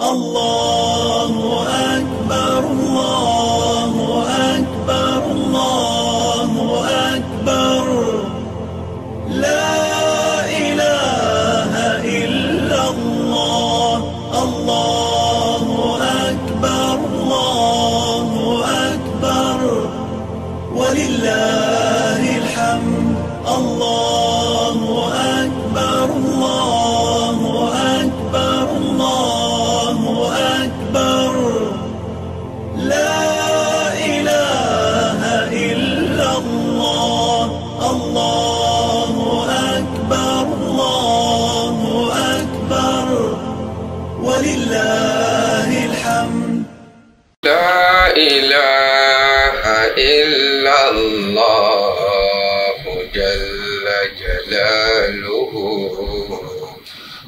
الله أكبر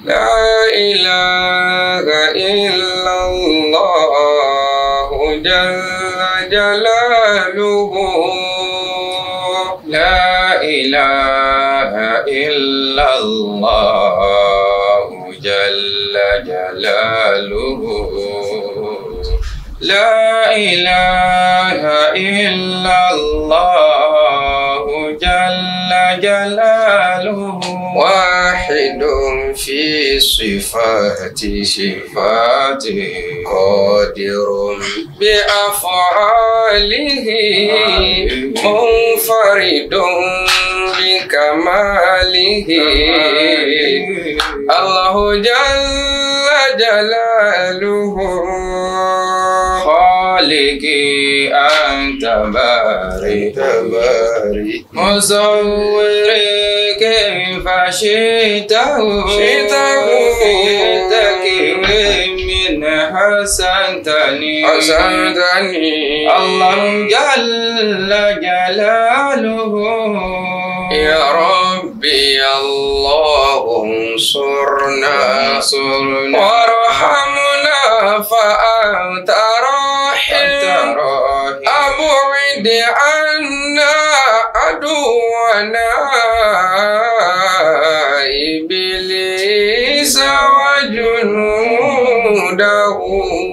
لا إله إلا الله جل جلاله لا إله إلا الله جل جلاله لا إله إلا الله جل جلاله في صفات صفاته قادر بأفعاله منفرد بكماله الله جل جلاله خالقي أنت باري باري مصوري كيف شئته شئته في من حسنتني حسنتني الله جل جلاله يا ربي الله انصرنا انصرنا وارحمنا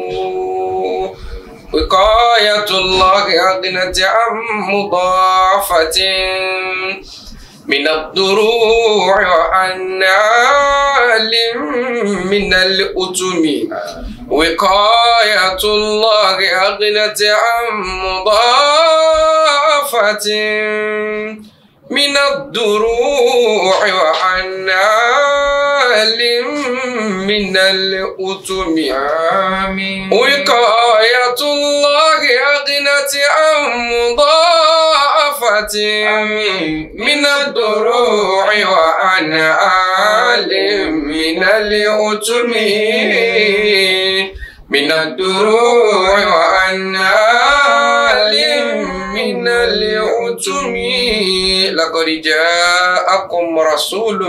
له وقاية الله أغنت عن مضافة من الضروع وعن عالم من الأتم وقاية الله أغنت عن مضافة من الدروع وعن من الأتم وقاية الله أغنت أم مضاعفة من الدروع وعن من الأتم من الدروع وعن من الأتم زعمتم لقد جاءكم رسول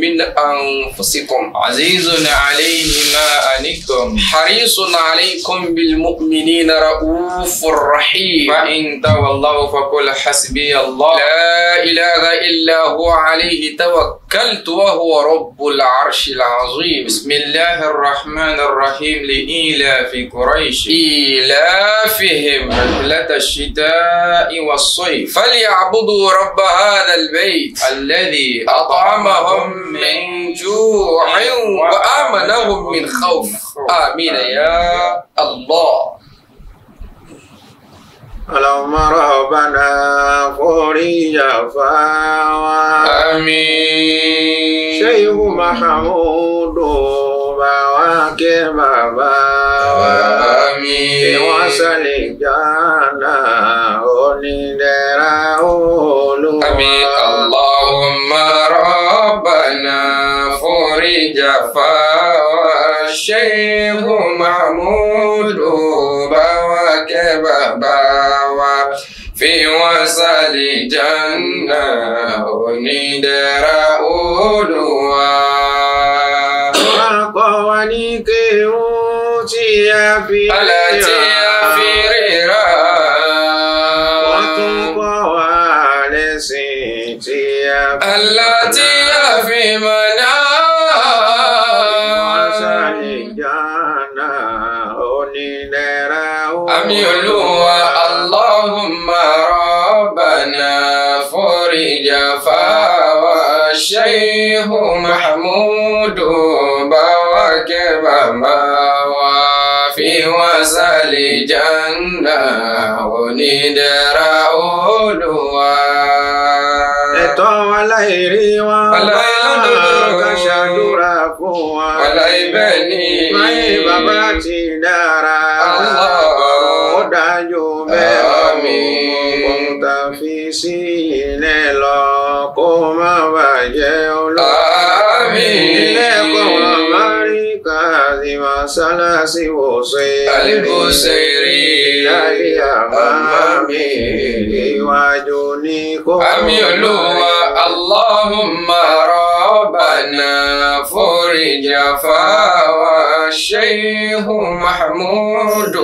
من أنفسكم عزيز عليه ما أنكم حريص عليكم بالمؤمنين رؤوف رحيم فإن تولوا فقل حسبي الله لا إله إلا هو عليه توكل توكلت وهو رب العرش العظيم بسم الله الرحمن الرحيم لإيلاف قريش إيلافهم رحلة الشتاء والصيف فليعبدوا رب هذا البيت الذي أطعمهم من جوع وآمنهم من خوف آمين يا الله اللهم ربنا فرج فاوى آمين شيخ محمود وواكب باوى آمين وصل جانا onídẹ̀ra olúwa. àmín Allahumma rabbana forí jàfà Sheikh Mahmood bá wa kẹ́ bàbá àṣàlìjánà onídẹ̀ra olùwà. Ọ̀pọ̀ wa ní kéwọ́n tí a fi ríra. Wọ́n tún kọ́ wa lẹ́sìn tí a fi ríra. Allah tí a fi mọ̀ náà. Àṣàlìjánà onídẹ̀ra olùwà. Àmì olùwà. duba wakebama wafi wasali janna onidera Olúwa. ẹ̀tọ́ wọn láì rí wọn ká ṣàdúrà fún wọn. aláì bẹ́ẹ̀ ni. máyé bàbá ti dára. ó dájú bẹ́ẹ̀ mi. بمسلس وصير البصيري اليمام وجنيكم اللهم ربنا فرج فاوى الشيخ محمود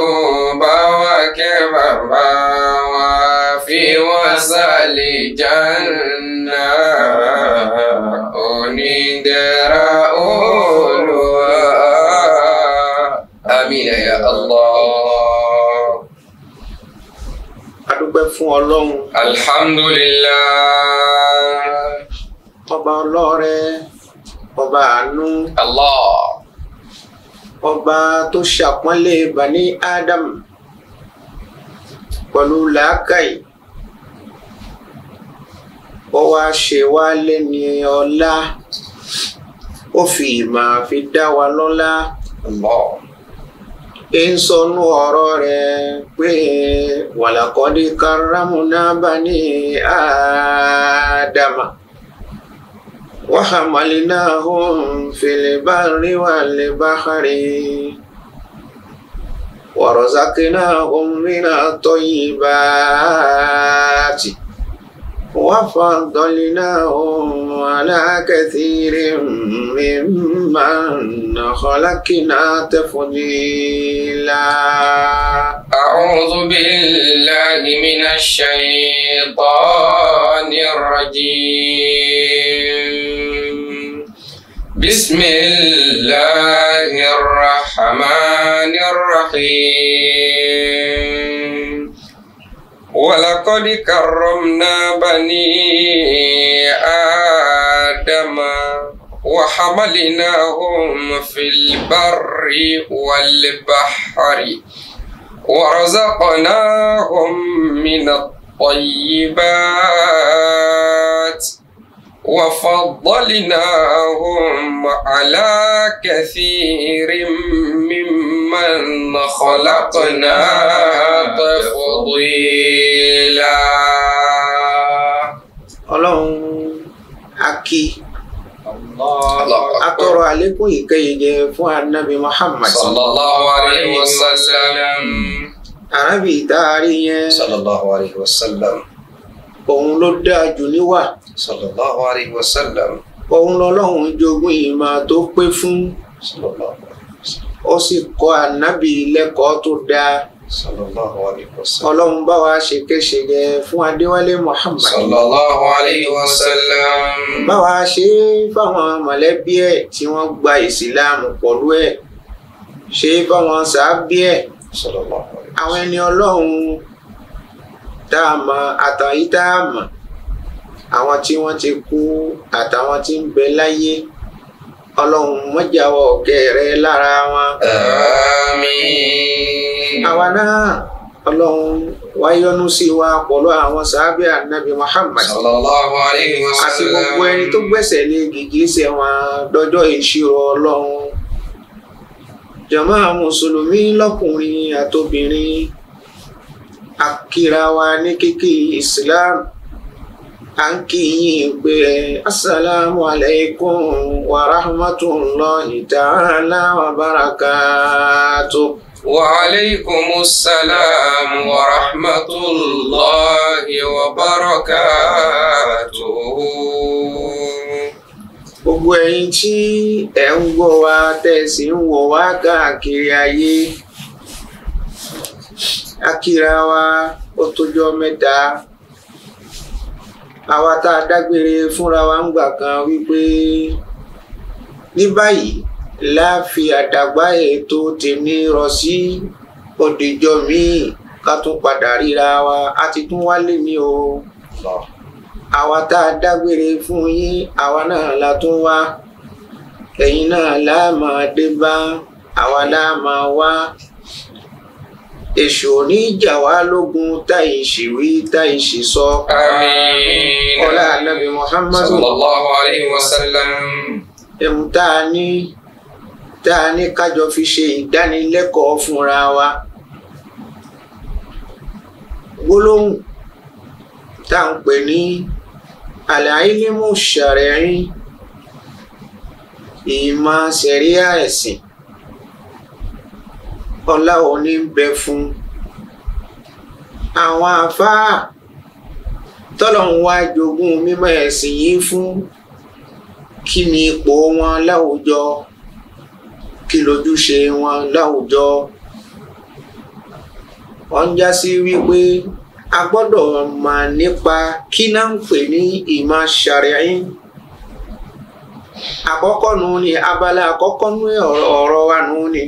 بوكب في وصل جنة أنيدر أولو gómìnà ya Allah. a dúpẹ́ fún ọlọ́run. alhamdulilah. ọba ọlọ́rẹ ọba àánú. Allah. ọba tó ṣàpọ́nlé bani Adam pẹ̀lú làákàyè ó wá ṣe wá lẹ́ni ọlá ó fi ìmọ̀ àfi dá wa lọ́lá. Allah ń sọnù ọ̀rọ̀ rẹ̀ pé wàlàkọ́dí karamuna bani ádámà wàhámàlínàhùn fìlìbárì wàlìbáhárì wàrọ̀zákínàhùn وفضلناهم على كثير ممن خلقنا تفضيلا أعوذ بالله من الشيطان الرجيم بسم الله الرحمن الرحيم ولقد كرمنا بني آدم وحملناهم في البر والبحر ورزقناهم من الطيبات وفضلناهم على كثير ممن خلقنا تفضيلا ọlọ́run akí atọrọ àlékún ìkẹyẹjẹ fún anabi muhammad sallallahu alayhi wa sallam arabi itaari yẹn sallallahu alayhi wa sallam òun ló dáa jù níwà sallallahu alayhi wa sallam. òun lọ́lọ́run jogún ìmọ̀ tó pé fún sallallahu alayhi wa sallam. ó sì kọ́ ànábì lẹ́kọ̀ọ́ tó dáa sallallahu alayhi wa sallam. ọlọ́run bá wa ṣe kéṣe rẹ fún adéwálé muhammad. sallallahu alayhi wa sallam. bá wa ṣe fáwọn mọ̀lẹ́bí ẹ̀ tí wọ́n gba ìsìláàmù pọ̀lú ẹ̀ ṣe fáwọn sàábí ẹ̀ àwọn ẹni ọlọ́run tá a mọ̀ àtàyí tá a mọ̀ àwọn tí wọ́n ti kú àtàwọn tí ń bẹ láyé ọlọ́run mọ́jàwọ́ ọ̀kẹ́ rẹ lára wọn. àmín. àwa náà ọlọ́run wáyọ́nú sí wa pọ̀lú àwọn sàábẹ́ ànábì Muhammad. sallallahu alayhi wa sallam. àti gbogbo ẹni tó gbẹ̀sẹ̀ lé gìgísẹ̀ wọn dọjọ́ ìṣirò ọlọ́run. jàmáà mùsùlùmí lọ́kùnrin àtobìnrin akira wa ní kíkí Islam. à ń kí yín asalaamu alaykum wa rahmatulahi ta'ala wa barakatu. wa alaykum salaam wa rahmatulahi wa barakatu. wa tẹ̀sí àwa tá a dágbére fúnra wa ń gbà kan wípé ní báyìí láàfi àdàgbà ètò tèmi rọ sí òdìjọ míì ká tún padà ríra wa a ti tún wálé mi o àwa tá a dágbére fún yín àwa náà la tún wá ẹ̀yin náà láà dé bá àwa láà wá èṣù òní ìjà wa lógun táyì ṣìwí táyì ṣì sọ. àmín. ọlá anabi muhammadu. sallallahu alayhi wa sallam. ẹ̀mú tá a ní tá a ní kájọ fi ṣe ìdánilẹ́kọ̀ọ́ fúnra wa. gbólóhùn tá à ń pè ní àlàyé mú ṣàrẹ̀yìn ìmọ̀ sẹ̀ríà ẹ̀sìn. E ọlá òní ń bẹ fún àwọn àfáà tọ́lọ́run wá jogún mímọ́ ẹ̀sìn yìí fún kí ni ipò wọn láwùjọ kí lójúṣe wọn láwùjọ wọn já sí wípé a gbọ́dọ̀ mọ̀ nípa kí náà ń pè ní ìmọ̀ ṣàríyìn àkọ́kọ́ nu ni abala àkọ́kọ́ nu ọ̀rọ̀ wa nu ni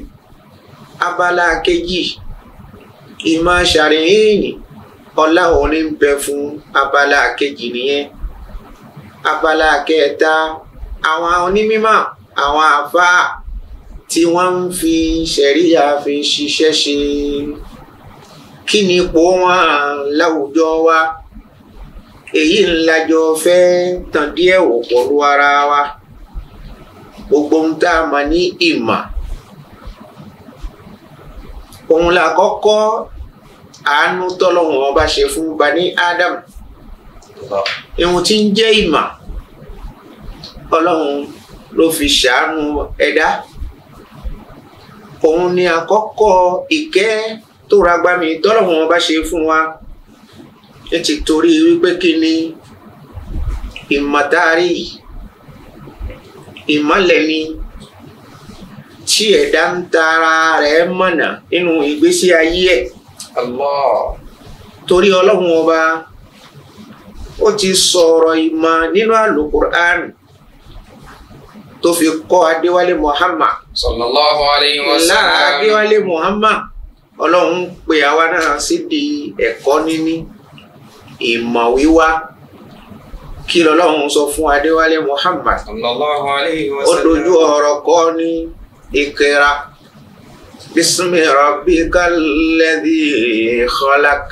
abala kejì ìmọ̀ ṣàríyìn ọlá òní ń bẹ fún abala kejì nìyẹn abala kẹta àwọn onímọ̀ àwọn àfáà tí wọ́n ń fi ṣẹ̀ríyà fi ṣiṣẹ́ ṣe kí ni ipò wọn láwùjọ wa èyí ńlájọ fẹ́ tàn díẹ̀ wò pọ̀lú ara wa gbogbo ń tá a mọ̀ ní ìmọ̀ òun la kọ́kọ́ àánú tọ́lọ́hun ọba ṣe fún bani Adam ìhun tí ń jẹ́ ìmọ̀ ọlọ́run ló fi ṣàánú ẹ̀dá òun ni àkọ́kọ́ ìkẹ́ tó ragbami tọ́lọ́hun ọba ṣe fún wa ẹ ti torí wípé kí ni ìmọ̀tárì ìmọ̀lẹ̀ tí ẹ̀dá ń tara rẹ̀ mọ̀nà nínú ìgbésí ayé ẹ̀ Allah torí ọlọ́run ọba ó ti sọ̀rọ̀ ìmọ̀ nínú alukur'an tó fi kọ́ adéwálé muhammad sallallahu alayhi wa sallam lára adéwálé muhammad ọlọ́run pè àwa náà sí di ẹ̀kọ́ níní ìmọ̀ wíwá kí lọ́lọ́run sọ fún adéwálé muhammad sallallahu alayhi wa sallam ó dojú ọ̀rọ̀ kọ́ ni. اقرأ بسم ربك الذي خلق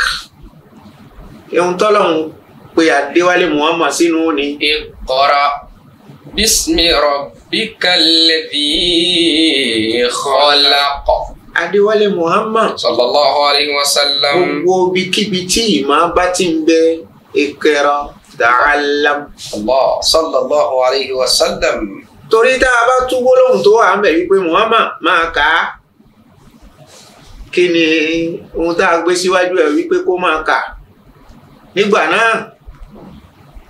ìhun tọ́lọ́hún pé adéwálé muhammad sínú ni. ìkọ́ra bísmì rabbika alladhi khalaq. adéwálé muhammad. sallallahu alayhi wa sallam. gbogbo ibikíbi tí ìmọ̀ bá ti ń bẹ ìkẹrọ ta'allam. sallallahu alayhi wa sallam torí tá a bá tú gbólóhùn tó wà ń bẹ̀ wípé Muhammad máa kà á kí ni ohun tá a gbé síwájú ẹ̀ wípé kó máa kà nígbà náà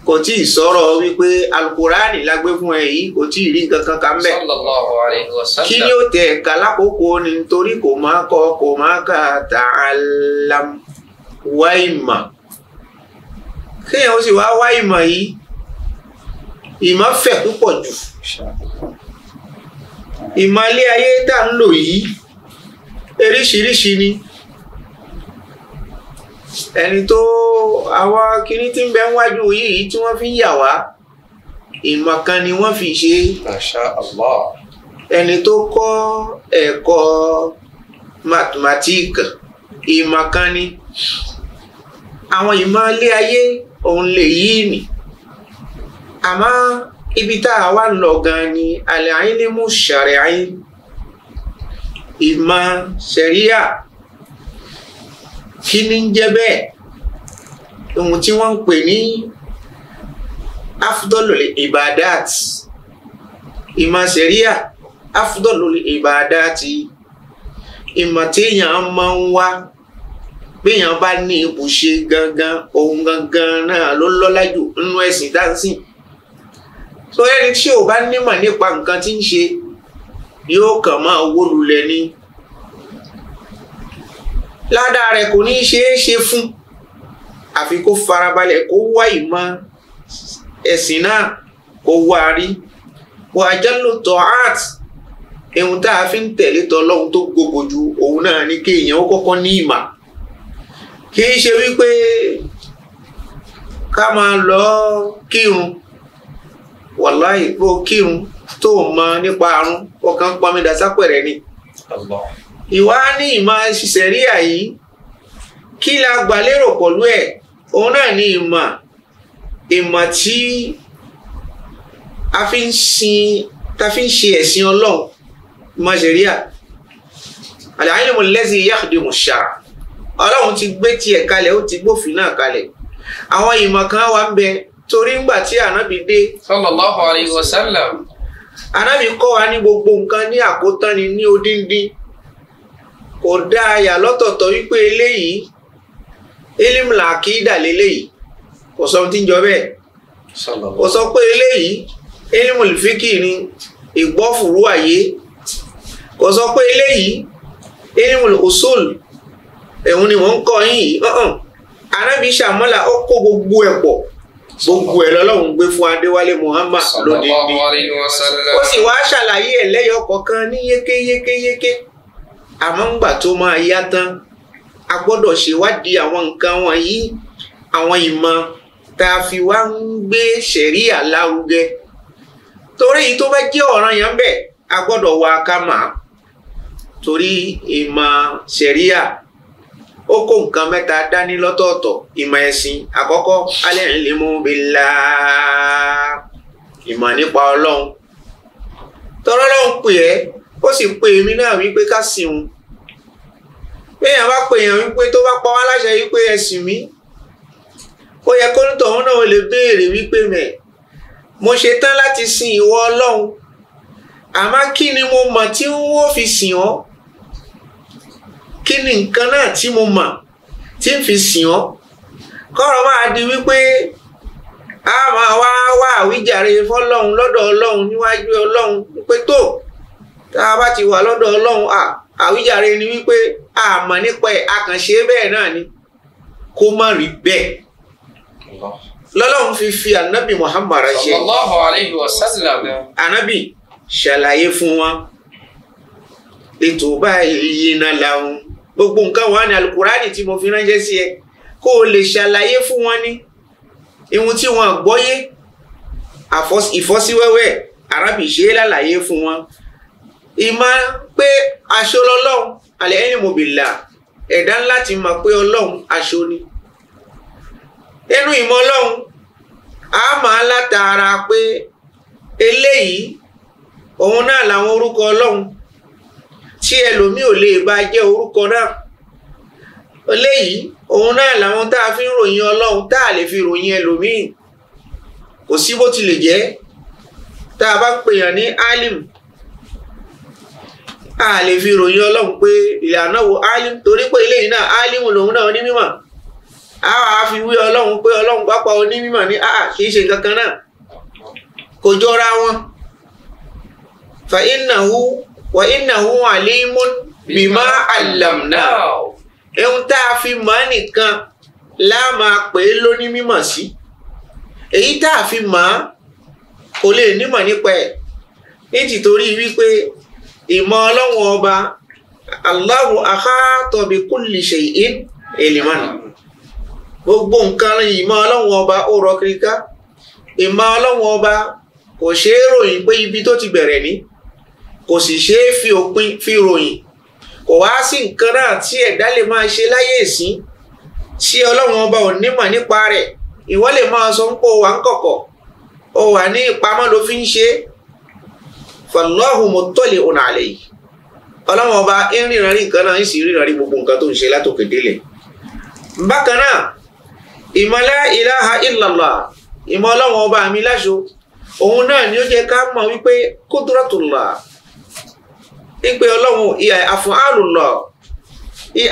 kò tí ì sọ̀rọ̀ wípé alukurani la gbé fún ẹ yìí kò tí ì rí nǹkan kan kan bẹ́ẹ̀. kí ni ó tẹ̀ ẹ̀ka lákòókò ni nítorí kò máa kọ kò máa kà ta'allam wá kéèyàn ó sì wá wá yìí ìmọ̀ fẹ̀ púpọ̀ jù ìmọ̀ ilé ayé tá ń lò yìí eríṣiríṣi ni ẹni tó àwọn kinní tí ń bẹ wájú yìí tí wọ́n fi ń yà wá ìmọ̀ kan ni wọ́n fi ṣe Allah ẹni tó kọ́ ẹ̀kọ́ mathematics ìmọ̀ kan ni àwọn ìmọ̀ ilé ayé òun lè yí nìí àmọ́ ibi tá a wá lọ gan ni alẹ́ ayé ní mú ṣàrẹ̀ ayé ìmọ̀ ṣẹ̀ríyà kí ni ń jẹ́ bẹ́ẹ̀ ohun tí wọ́n ń pè ní afdolul ibadat ìmọ̀ ṣẹ̀ríyà afdolul ibadat ìmọ̀ téèyàn máa ń wá béèyàn bá ní ibùṣe gangan ohun gangan náà ló lọ́lá jù nínú ẹ̀sìn dáńsìn so ẹni tí ò bá nímọ̀ nípa nǹkan tí ń ṣe ni ó kàn máa owó lulẹ̀ ni ládàá rẹ̀ kò ní í ṣeé ṣe fún àfi kó farabalẹ̀ kó wá ìmọ̀ ẹ̀sìn náà kó wá rí art fi ń tẹ̀lé tọ́ lọ́hun ju òun náà ni kéèyàn ó kọ́kọ́ ní kì ṣe wípé ká lọ kírun wàláì bó kírun tó mọ nípa àrùn ọkàn pọnmi dasápẹ̀rẹ̀ ni. ìwà ní ìmọ̀ ṣìṣẹ́ríà yìí kí la gbà lérò pẹ̀lú ẹ̀ òun náà ni ìmọ̀ ìmọ̀ tí a fi ń sin ta fi ń ṣe ẹ̀sìn ọlọ́run ìmọ̀ ṣẹ̀ríà àlàyélumu lẹ́sí yáàdìmù ṣáà ọlọ́run ti gbé tiẹ̀ kalẹ̀ ó ti gbófin náà kalẹ̀ àwọn ìmọ̀ kan wà ń bẹ torí ńgbà tí ànábì dé. sallallahu alayhi wa sallam. ànábì kọ́ wa ní gbogbo nǹkan ní àkótán ni ní odindin kò dá ayà lọ́tọ̀ọ̀tọ̀ wípé eléyìí elimla kì í dà léléyìí kò sọ tí ń jọ bẹ́ẹ̀ kò sọ pé eléyìí elimul fíkì ni ìgbọ́fùrú àyè kò sọ pé eléyìí elimul usul ẹ̀hún ni mò ń kọ́ yín yìí anábì sàmọ́là ó kó gbogbo ẹ̀ pọ̀ gbogbo ẹ̀ lọ́lọ́run gbé fún adéwálé muhammad lóde ní ó sì wá ṣàlàyé ẹ̀ lẹ́yọ kọ̀ọ̀kan ní yékéyékéyéké àmọ́ ńgbà tó máa yá tán a gbọ́dọ̀ ṣèwádìí àwọn nǹkan wọ̀nyí àwọn ìmọ̀ tá a fi wá ń gbé ṣẹ̀ríà lárugẹ torí èyí tó bá jẹ́ ọ̀ràn yẹn bẹ́ẹ̀ a gbọ́dọ̀ wá ká mà torí ìmọ̀ ṣẹ̀ríà ó kó nǹkan mẹ́ta dání lọ́tọ̀ọ̀tọ̀ ìmọ̀ ẹ̀sìn àkọ́kọ́ alẹ́ ìlímú billah ìmọ̀ nípa ọlọ́run tọ́lọ́ lọ́hún pè ẹ́ ó sì pè mí náà wípé ká sìn òun péyàn bá pèyàn wípé tó bá pa wá láṣẹ wípé ẹ sìn mí ó yẹ kó nítorún náà ó lè béèrè wípé mẹ mo ṣe tán láti sìn ìwọ ọlọ́run àmọ́ kí ni mo mọ̀ tí n ó fi sìn ọ́ kí ni nǹkan náà tí mo mọ̀ tí n fi sìn ọ́ kọ́rọ̀ máa di wípé a máa wá wá àwíjàre fọlọ́hún lọ́dọ̀ ọlọ́hún níwájú ọlọ́hún wípé tó tá a bá ti wà lọ́dọ̀ ọlọ́hún àwíjàre ni wípé a mọ̀ nípa ẹ̀ a kàn ṣe bẹ́ẹ̀ náà ni kó má rí bẹ́ẹ̀ lọ́lọ́hún fi fi ànábì Muhammad ṣe sallallahu alayhi wa sallam ànábì ṣàlàyé fún wọn ètò báyìí yìí náà làwọn gbogbo nǹkan wà ní alukurani tí mo fi ránṣẹ́ sí ẹ kó o lè ṣàlàyé fún wọn ní ihun tí wọn gbọ́yé ìfọ́síwẹ́wẹ́ arábì ṣe é lálàyé fún wọn ìmọ̀ pé aṣọ lọ́lọ́run alẹ́ ẹni mo bìlà ẹ̀dá ńlá ti mọ̀ pé ọlọ́run aṣọ ni nínú ìmọ̀ ọlọ́run a máa látara pé eléyìí òun náà làwọn orúkọ ọlọ́run tí ẹlòmíì ò lè bá jẹ́ orúkọ náà eléyìí òun náà làwọn tá a fi ń ròyìn ọlọ́run tá a lè fi ròyìn ẹlòmíì kò sí bó ti lè tá a bá pèèyàn ní alim a lè fi ròyìn ọlọ́run pé ìlànà wo alim torí pé eléyìí náà alim lòun náà ní mímọ̀ a wàá fi wí ọlọ́run pé ọlọ́run pápá onímọ̀ ní a kì í ṣe nǹkan kan náà kò jọra wọn fa innahu wa innahu alimun bima allamna ẹ̀hún tá a fi mọ̀ nìkan la máa pè é lóní mímọ̀ sí èyí tá a fi mọ̀ kò lè nímọ̀ nípa ẹ̀ ní tìtorí wípé ìmọ̀ ọlọ́wọ́n ọba Allahu ahata bi kulli shay'in ilman gbogbo nǹkan ìmọ̀ ọlọ́wọ́n ọba ó rọ kiri ká ìmọ̀ ọlọ́wọ́n ọba kò ṣeé ròyìn pé ibi tó ti bẹ̀rẹ̀ ní kò sì é fi òpin fi ròyìn kò wá sí nǹkan náà tí ẹ̀dá lè máa ṣe láyé ìsín tí ọlọ́run ọba ò nímọ̀ nípa rẹ̀ ìwọ lè máa sọ ń pò nkọ̀kọ̀. ń ní ìpamọ́ ló fi ń ṣe fallahu muttali'un ọlọ́run ọba ń ríran rí nǹkan náà ń sì ríran gbogbo nǹkan tó ń ṣe látòkè délẹ̀ bákan náà ìmọ̀ ọba mi láṣo ipe ọlọ́run àfún àrùn lọ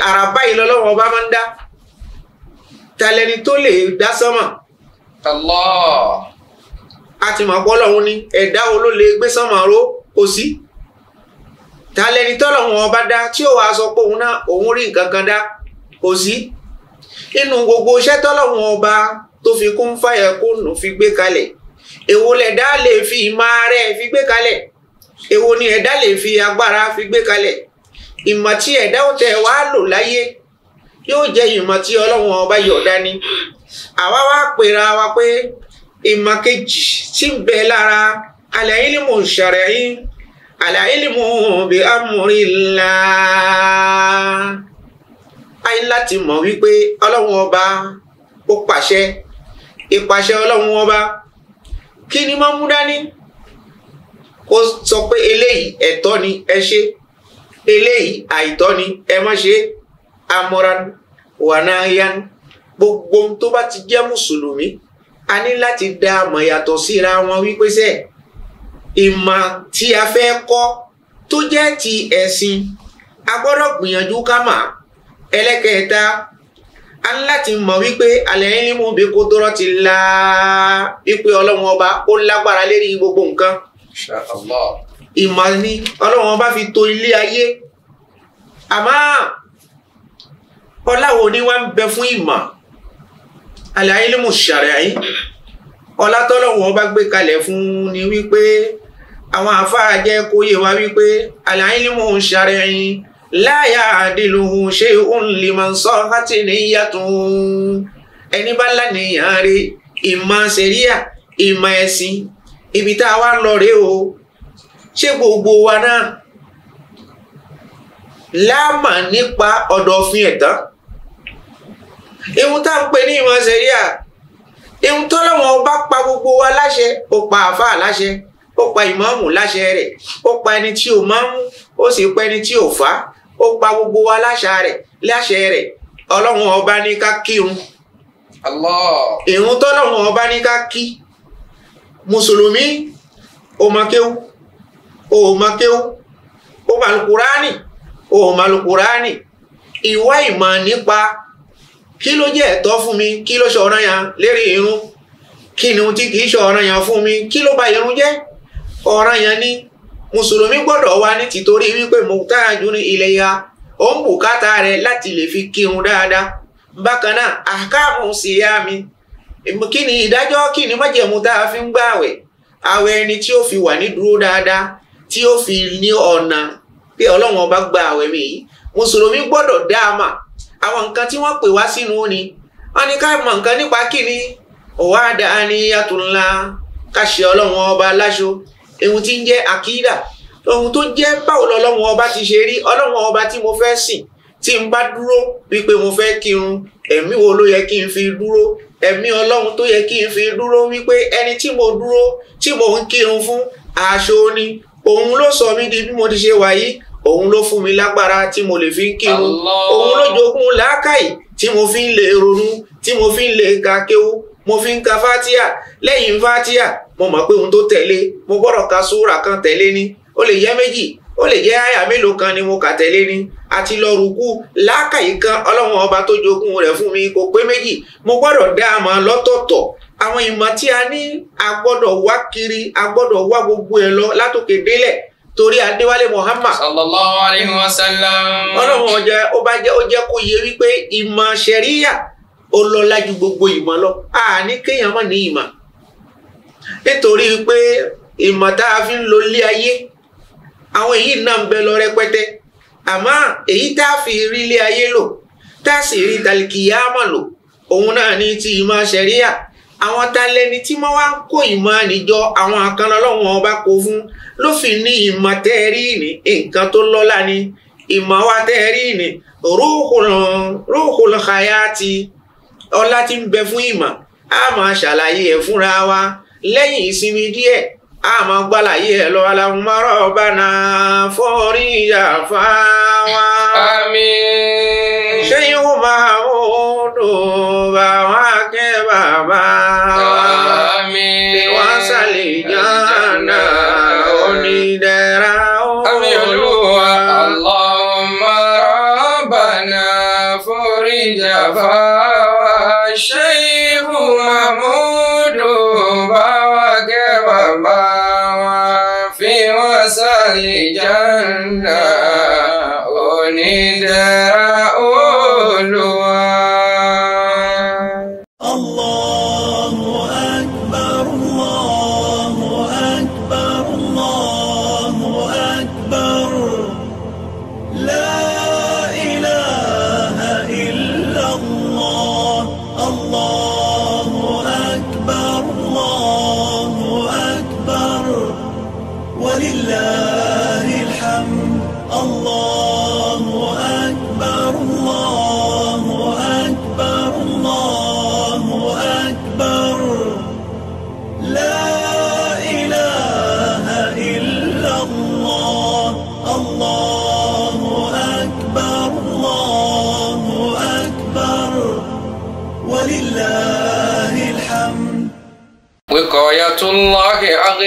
ara báyìí lọ́lọ́run ọba máa ń dá talẹ́ni tó lè dá sánmà. Allah. a ti mọ̀ pé ọlọ́run ní ẹ̀dá wo ló lè gbé sánmà ró kò sí. talẹ́ni tọ́lọ́run ọba dá tí ó wàá sọ pé òun náà òun rí nǹkan kan dá kò sí. nínú gbogbo iṣẹ́ tọ́lọ́run ọba tó fi kún fàyẹ̀kún fi gbé kalẹ̀ èwo lẹ̀dá lè fi ìmọ̀ rẹ̀ fi gbé kalẹ̀ èwo ni ẹ̀dá lè fi agbára fi gbé kalẹ̀ ìmọ̀ tí ẹ̀dá ò tẹ̀ wá lò láyé yóò jẹ́ ìmọ̀ tí ọlọ́run ọba yọ̀ọ̀dá ni àwa wá pera wa pé ìmọ̀ kejì tí ń bẹ lára al-ilmu shar'i al-ilmu bi amrillah ayé láti mọ̀ wípé ọlọ́run ọba ó pàṣẹ ìpàṣẹ ọlọ́run ọba kí ni máa mú dání kó sọ pé eléyìí ẹ̀tọ́ ni ẹ ṣe eléyìí àìtọ́ ni ẹ má ṣe amọran wanayan gbogbo tó bá ti jẹ́ mùsùlùmí a ní láti dá àmọ̀ yàtọ̀ síra wọn wípé sẹ ìmọ̀ tí a fẹ́ kọ́ tó jẹ́ ti ẹ̀sìn a gbọ́dọ̀ gbìyànjú ká mà ẹlẹ́kẹ̀ẹ́ta a ní láti mọ̀ wípé alẹ́ ní mú bí kó tọrọ ti la wípé ọlọ́run ọba ó lágbára lérí gbogbo nǹkan ìmọ̀ ni ọlọ́run bá fi to ilé ayé àmọ́ ọláwo ni wá ń bẹ fún ìmọ̀ alẹ́ ayé ló mú ṣàrẹ̀ ayé ọlá tọ́lọ́run ọba gbé kalẹ̀ fún ni wípé àwọn àfáà jẹ́ kó yé wa wípé alẹ́ ayé ló mú ayé láyà àdìlùhùn ṣé òun lè máa sọ láti níyàtún ẹni bá lánìyàn rí ìmọ̀ ṣẹ̀ríà ìmọ̀ ẹ̀sìn ibi tá a wá lọ rèé o ṣé gbogbo wa náà láàmà nípa ọ̀dọ̀ òfin ẹ̀tàn ihun tá à ń pè ní ìmọ̀ ṣẹ̀ríà ihun tọ́lọ́wọ́n bá pa gbogbo wa láṣẹ ó pa àáfàá láṣẹ ó pa ìmáàmù láṣẹ rẹ̀ ó pa ẹni tí ò máa ń mú ó sì pa ẹni tí ò fà á ó pa gbogbo wa láṣà rẹ̀ láṣẹ rẹ̀ ọlọ́run ọba ní ká kírun ìrun tọ́lọ́run ọba ní ká kí mùsùlùmí ó mọ kéwú ó o kéwú ó mọ alukurani ó mọ alukurani ìwá ìmọ̀ nípa kí ló jẹ́ ẹ̀tọ́ fún mi kí ló ṣe ọ̀ràn yàn lérí irun kí ni ohun tí kì í ṣe ọ̀ràn yàn fún mi kí ló ba irun jẹ́ ọ̀ràn yàn ni mùsùlùmí gbọ́dọ̀ wà ní tìtorí wípé mùtáàjú ní ilẹ̀ ya ó ń bùkátà rẹ̀ láti lè fi kírun dáadáa bákan náà àkáàmù síyá mi kí ni ìdájọ́ kí ni májẹ̀mú tá a fi ń gbà àwẹ̀ àwẹ̀ ẹni tí ó fi wà ní dúró dáadáa tí ó fi ní ọ̀nà pé ọlọ́run ọba gba àwẹ̀ mi yìí mùsùlùmí gbọ́dọ̀ dá a mà àwọn nǹkan tí wọ́n pè wá sínú ni wọ́n ní ká mọ̀ nǹkan nípa kíni ọ̀wá àdáníyàtọ̀ ńlá ká ṣe ọlọ́run ọba láṣọ ohun tí ń jẹ́ àkídà ohun tó jẹ́ báwo lọ́lọ́run ọba ti ṣe rí ọlọ́run ọba tí mo fẹ́ sìn tí n bá dúró wípé mo fẹ́ kírun ẹ̀mí wo ló yẹ kí n fi dúró ẹ̀mí ọlọ́run tó yẹ kí n fi dúró wípé ẹni tí mo dúró tí mo ń kírun fún aṣọ ni òun ló sọ mí di bí mo ti ṣe wà yìí òun ló fún mi lágbára tí mo lè fi ń kírun òun ló jogún làákàyè tí mo fi ń lè ronú tí mo fi ń lè ka kéwú mo fi ń ka fatia lẹ́yìn fatia mo mọ̀ pé ohun tó tẹ̀lé mo gbọ́dọ̀ ka súra kan tẹ̀lé ni ó lè yẹ méjì o lè jẹ́ àyà mélòó kan ni mo kà tẹ́lé ni àti lọ rúkú lákàyè kan ọlọ́run ọba tó jogún rẹ̀ fún mi kò pé méjì mo gbọ́dọ̀ dá a mọ̀ lọ́tọ̀ọ̀tọ̀ àwọn ìmọ̀ tí a ní a gbọ́dọ̀ wá kiri a gbọ́dọ̀ wá gbogbo ẹ̀ lọ látòkè délẹ̀ muhammad. sallallahu alayhi wa sallam. ọlọ́run ọjà ó bá jẹ́ ó jẹ́ kó yẹ lọ lájú gbogbo ìmọ̀ lọ àní kéèyàn mọ̀ ní ìmọ̀ nítorí pé ìmọ̀ tá a àwọn èyí náà ń bẹ lọ rẹpẹtẹ àmọ́ èyí tá a fi rí ilé ayé lò tá a sì rí tàlìkìyàmọ̀ lò òun náà ní ti ìmọ̀ ṣẹ̀ríyà àwọn talẹ́ni tí wọ́n wá ń kó ìmọ̀ níjọ àwọn àkànlọ́ lọ́wọ́n ọba kó fún ló fi ní ìmọ̀ tẹ́ẹ̀rí ní nǹkan tó lọ́lá ni ìmọ̀ wa tẹ́ẹ̀rí ní ruhul hayati ọlá tí ń bẹ fún ìmọ̀ a máa ṣàlàyé ẹ̀ fúnra wa lẹ́yìn ìsinmi díẹ̀ àmọ́ gbàlàyé ẹ̀ lọ́wọ́ làwọn mọ́rọ̀ ọba náà fọ́ọ̀rí ìyá fáwa. àmín. ṣé yóò máa ń dùn bàwọn akẹ́ bàbá wa. àmín. tí wọ́n sàlẹ̀ jọ́nà onídẹ̀ra ó. àmín olúwa Allahumma rabbana fọ́ọ̀rí ìyá fáwa. ṣé yóò máa ń. Ahli Jannah Unidra Ulu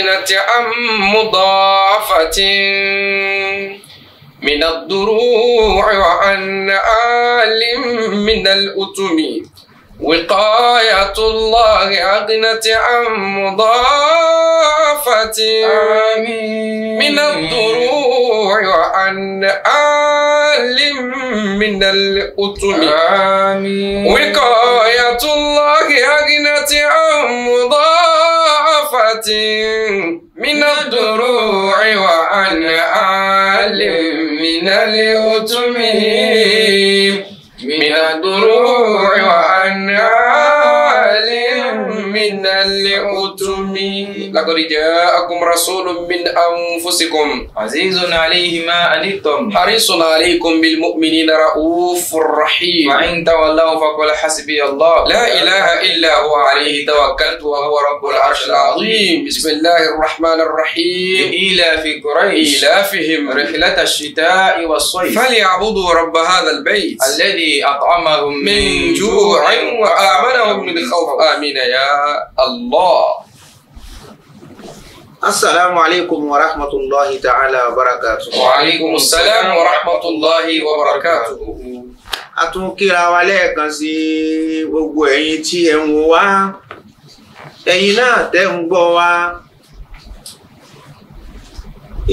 البينة أم مضافة من الضروع وعن آل من الأتم وقاية الله أغنة عن مضافة من الضروع وعن آل من الأتم وقاية الله أغنة عن مضافة من الدروع وعن آل من الأتمين لقد جاءكم رسول من أنفسكم عزيز عليه ما أنتم حريص عليكم بالمؤمنين رؤوف رحيم وإن تولوا فقل حسبي الله لا إله إلا هو عليه توكلت وهو رب العرش العظيم بسم الله الرحمن الرحيم إيلاف قريش إيلافهم رحلة الشتاء والصيف فليعبدوا رب هذا البيت الذي أطعمهم من جوع وآمنهم من خوف آمين يا الله Assalamu alaikum warahmatullahi ta'ala wabarakatuh. Wa alaikum assalam warahmatullahi wabarakatuh. A tún kíra wa lẹ́ẹ̀kan sí gbogbo ẹ̀yin tí ẹ ń wo wá. Ẹ̀yin náà tẹ́ ń gbọ́ wá.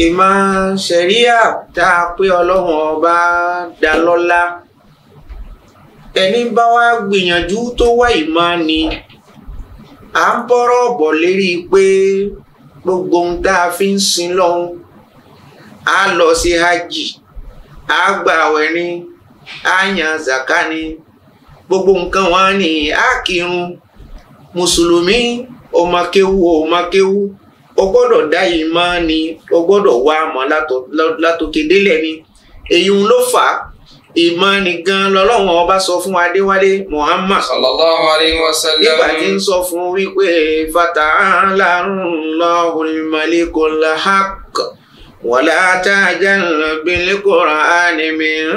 Ìmọ̀ ṣẹ̀ríà tá a pé ọlọ́run ọba dá lọ́lá. Ẹni bá wá gbìyànjú tó bọ́rọ̀ bọ̀ lérí pé gbogbo ohun tá a fi ń sin lọ́hún á lọ sí hajj á gba àwẹ̀ ni á yan zaka ni gbogbo nǹkan wọn ni á kírun mùsùlùmí ọmọkéwu ọmọkéwu o gbọ́dọ̀ dá ìmọ̀ ni o gbọ́dọ̀ wá àmọ́ látòkè délẹ̀ ni èyí ló fà á ìmọ̀ nìkan lọ́lọ́run ọba sọ fún adéwálé muhammad sallallahu alayhi wa sallam nígbà tí ń sọ fún wípé fata'ala Allahul malikul haqq wala ta'jal bil qur'ani min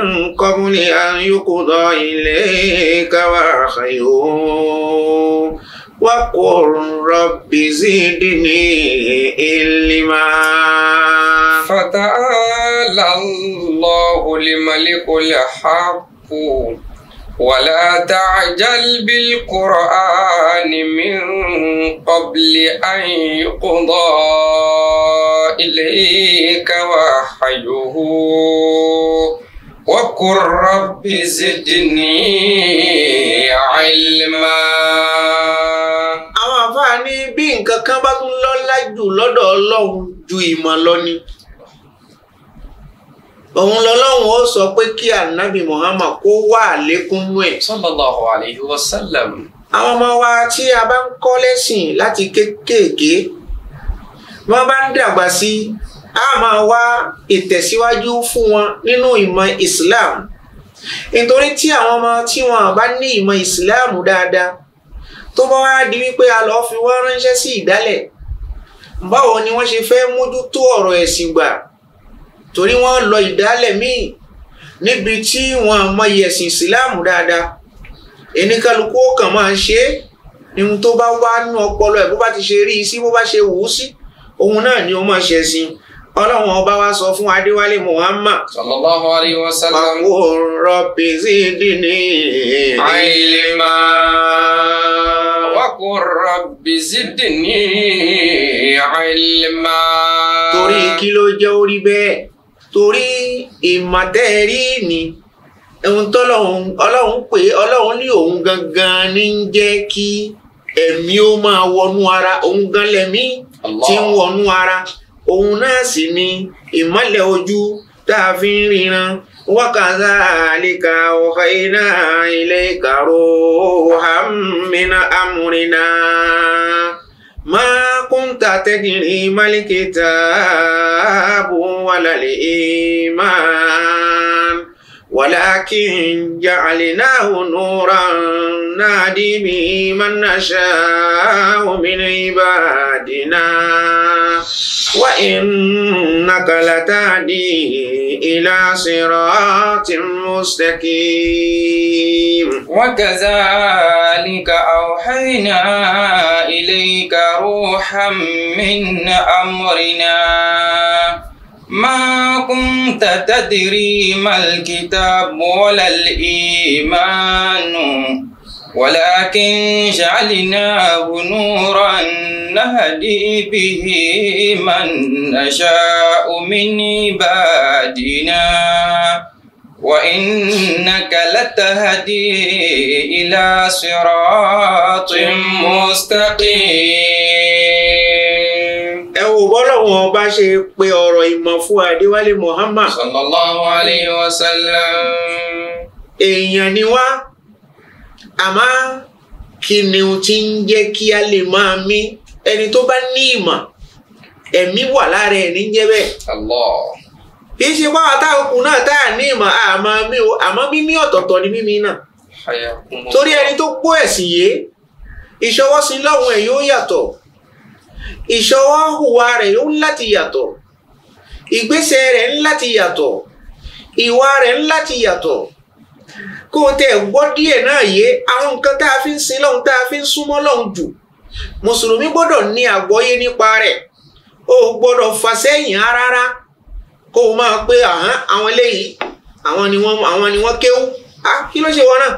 qabli an yuqda ilayka wahyu wa qur rabbi zidni ilma. fata'ala. الله لملك الحق ولا تعجل بالقرآن من قبل أن يقضى إليك وحيه وقل رب زدني علما àwọn àfáà ní bí nǹkan kan bá tún lọ́lá jù lọ́dọ̀ Ọlọ́run ju ìmọ̀ lọ ni òun lọ́lọ́run ó sọ pé kí anabi muhammad kó wá àlékún nú ẹ̀. sallallahu alayhi wa sallam. àwọn ọmọ wa tí a bá ń kọ́ lẹ́sìn láti kéékèèké wọ́n bá ń dàgbà sí a máa wá ìtẹ̀síwájú fún wọn nínú ìmọ̀ islam nítorí tí àwọn ọmọ tí wọn bá ní ìmọ̀ islam dáadáa tó bá wá di wípé a lọ́ọ́ fi wọ́n ránṣẹ́ sí ìdálẹ̀ báwo ni wọ́n ṣe fẹ́ mójútó ọ̀rọ̀ ẹ̀sìn gbà torí wọ́n lọ ìdálẹ̀ míì níbi tí wọ́n mọyì ẹ̀sìn ìsìláàmù dáadáa ẹnìkálukú kàn máa ń ṣe é ihun tó bá wá nú ọpọlọ ẹ̀ bó bá ti ṣe rí i sí bó bá ṣe wù ú sí òun náà ni ó máa ṣe sí ọlọ́run ọba wa sọ fún adéwálé muhammad. sallallahu alayhi wa sallam. pàkó rabbi zidni ilma. wàkó rabbi zidni ilma. torí kí ló jẹ́ orí bẹ́ẹ̀ torí ìmọ̀tẹ́ẹ̀rí ni ohun tọ́lọ́hún ọlọ́hún pé ọlọ́hún ní òun gangan ní ń jẹ́ kí ẹ̀mí ó máa wọnú ara òun gan lẹ̀mí tí ń wọnú ara òun náà sì ni ìmọ́lẹ̀ ojú tá a fi ń ríran wákàtá àlìkà ọ̀fà iná ilé ìkàrò hàmínà amúrinà. ما كنت تدري ما الكتاب ولا الإيمان ولكن جعلناه نورا نهدي به من نشاء من عبادنا وإنك لتهدي إلى صراط مستقيم وكذلك أوحينا إليك روحا من أمرنا ما كنت تدري ما الكتاب ولا الإيمان ولكن جعلناه نورا نهدي به من نشاء من عبادنا وإنك لتهدي إلى صراط مستقيم bọ́lọ́wọ́n bá ṣe pe ọ̀rọ̀ ìmọ̀ fún Adéwálé Muhammad. sallallahu alayhi wa sallam. èèyàn ni wá àmọ́ kìnìún ti ń jẹ́ kí a lè máa mí ẹni tó bá ní ìmọ̀ ẹ̀mí wà lára ẹ̀ jẹ́ bẹ́ẹ̀. Allah. kì í ṣe báwa táwọn kù náà táà ní ìmọ̀ àmọ́ mi ò àmọ́ mímí ọ̀tọ̀ọ̀tọ̀ ni mímí náà. torí ẹni tó kó ẹ̀sìn yé ìṣọwọ́sí lọ́hùn ẹ̀ yóò yàtọ̀ ìṣọwọ́ hùwà rẹ̀ ó ń láti yàtọ̀ ìgbésẹ̀ rẹ̀ ń láti yàtọ̀ ìwà rẹ̀ ń láti yàtọ̀ kó o tẹ̀ gbọ́ díẹ̀ náà yé àwọn nǹkan tá a fi ń sin lọ́hùn tá a fi ń súnmọ́ lọ́hùn jù mùsùlùmí gbọ́dọ̀ ní àgbọ́yé nípa rẹ̀ o gbọ́dọ̀ fà sẹ́yìn rárá kó o máa pé àwọn eléyìí àwọn ni wọ́n kéwú ah, kí ló ṣe wọn náà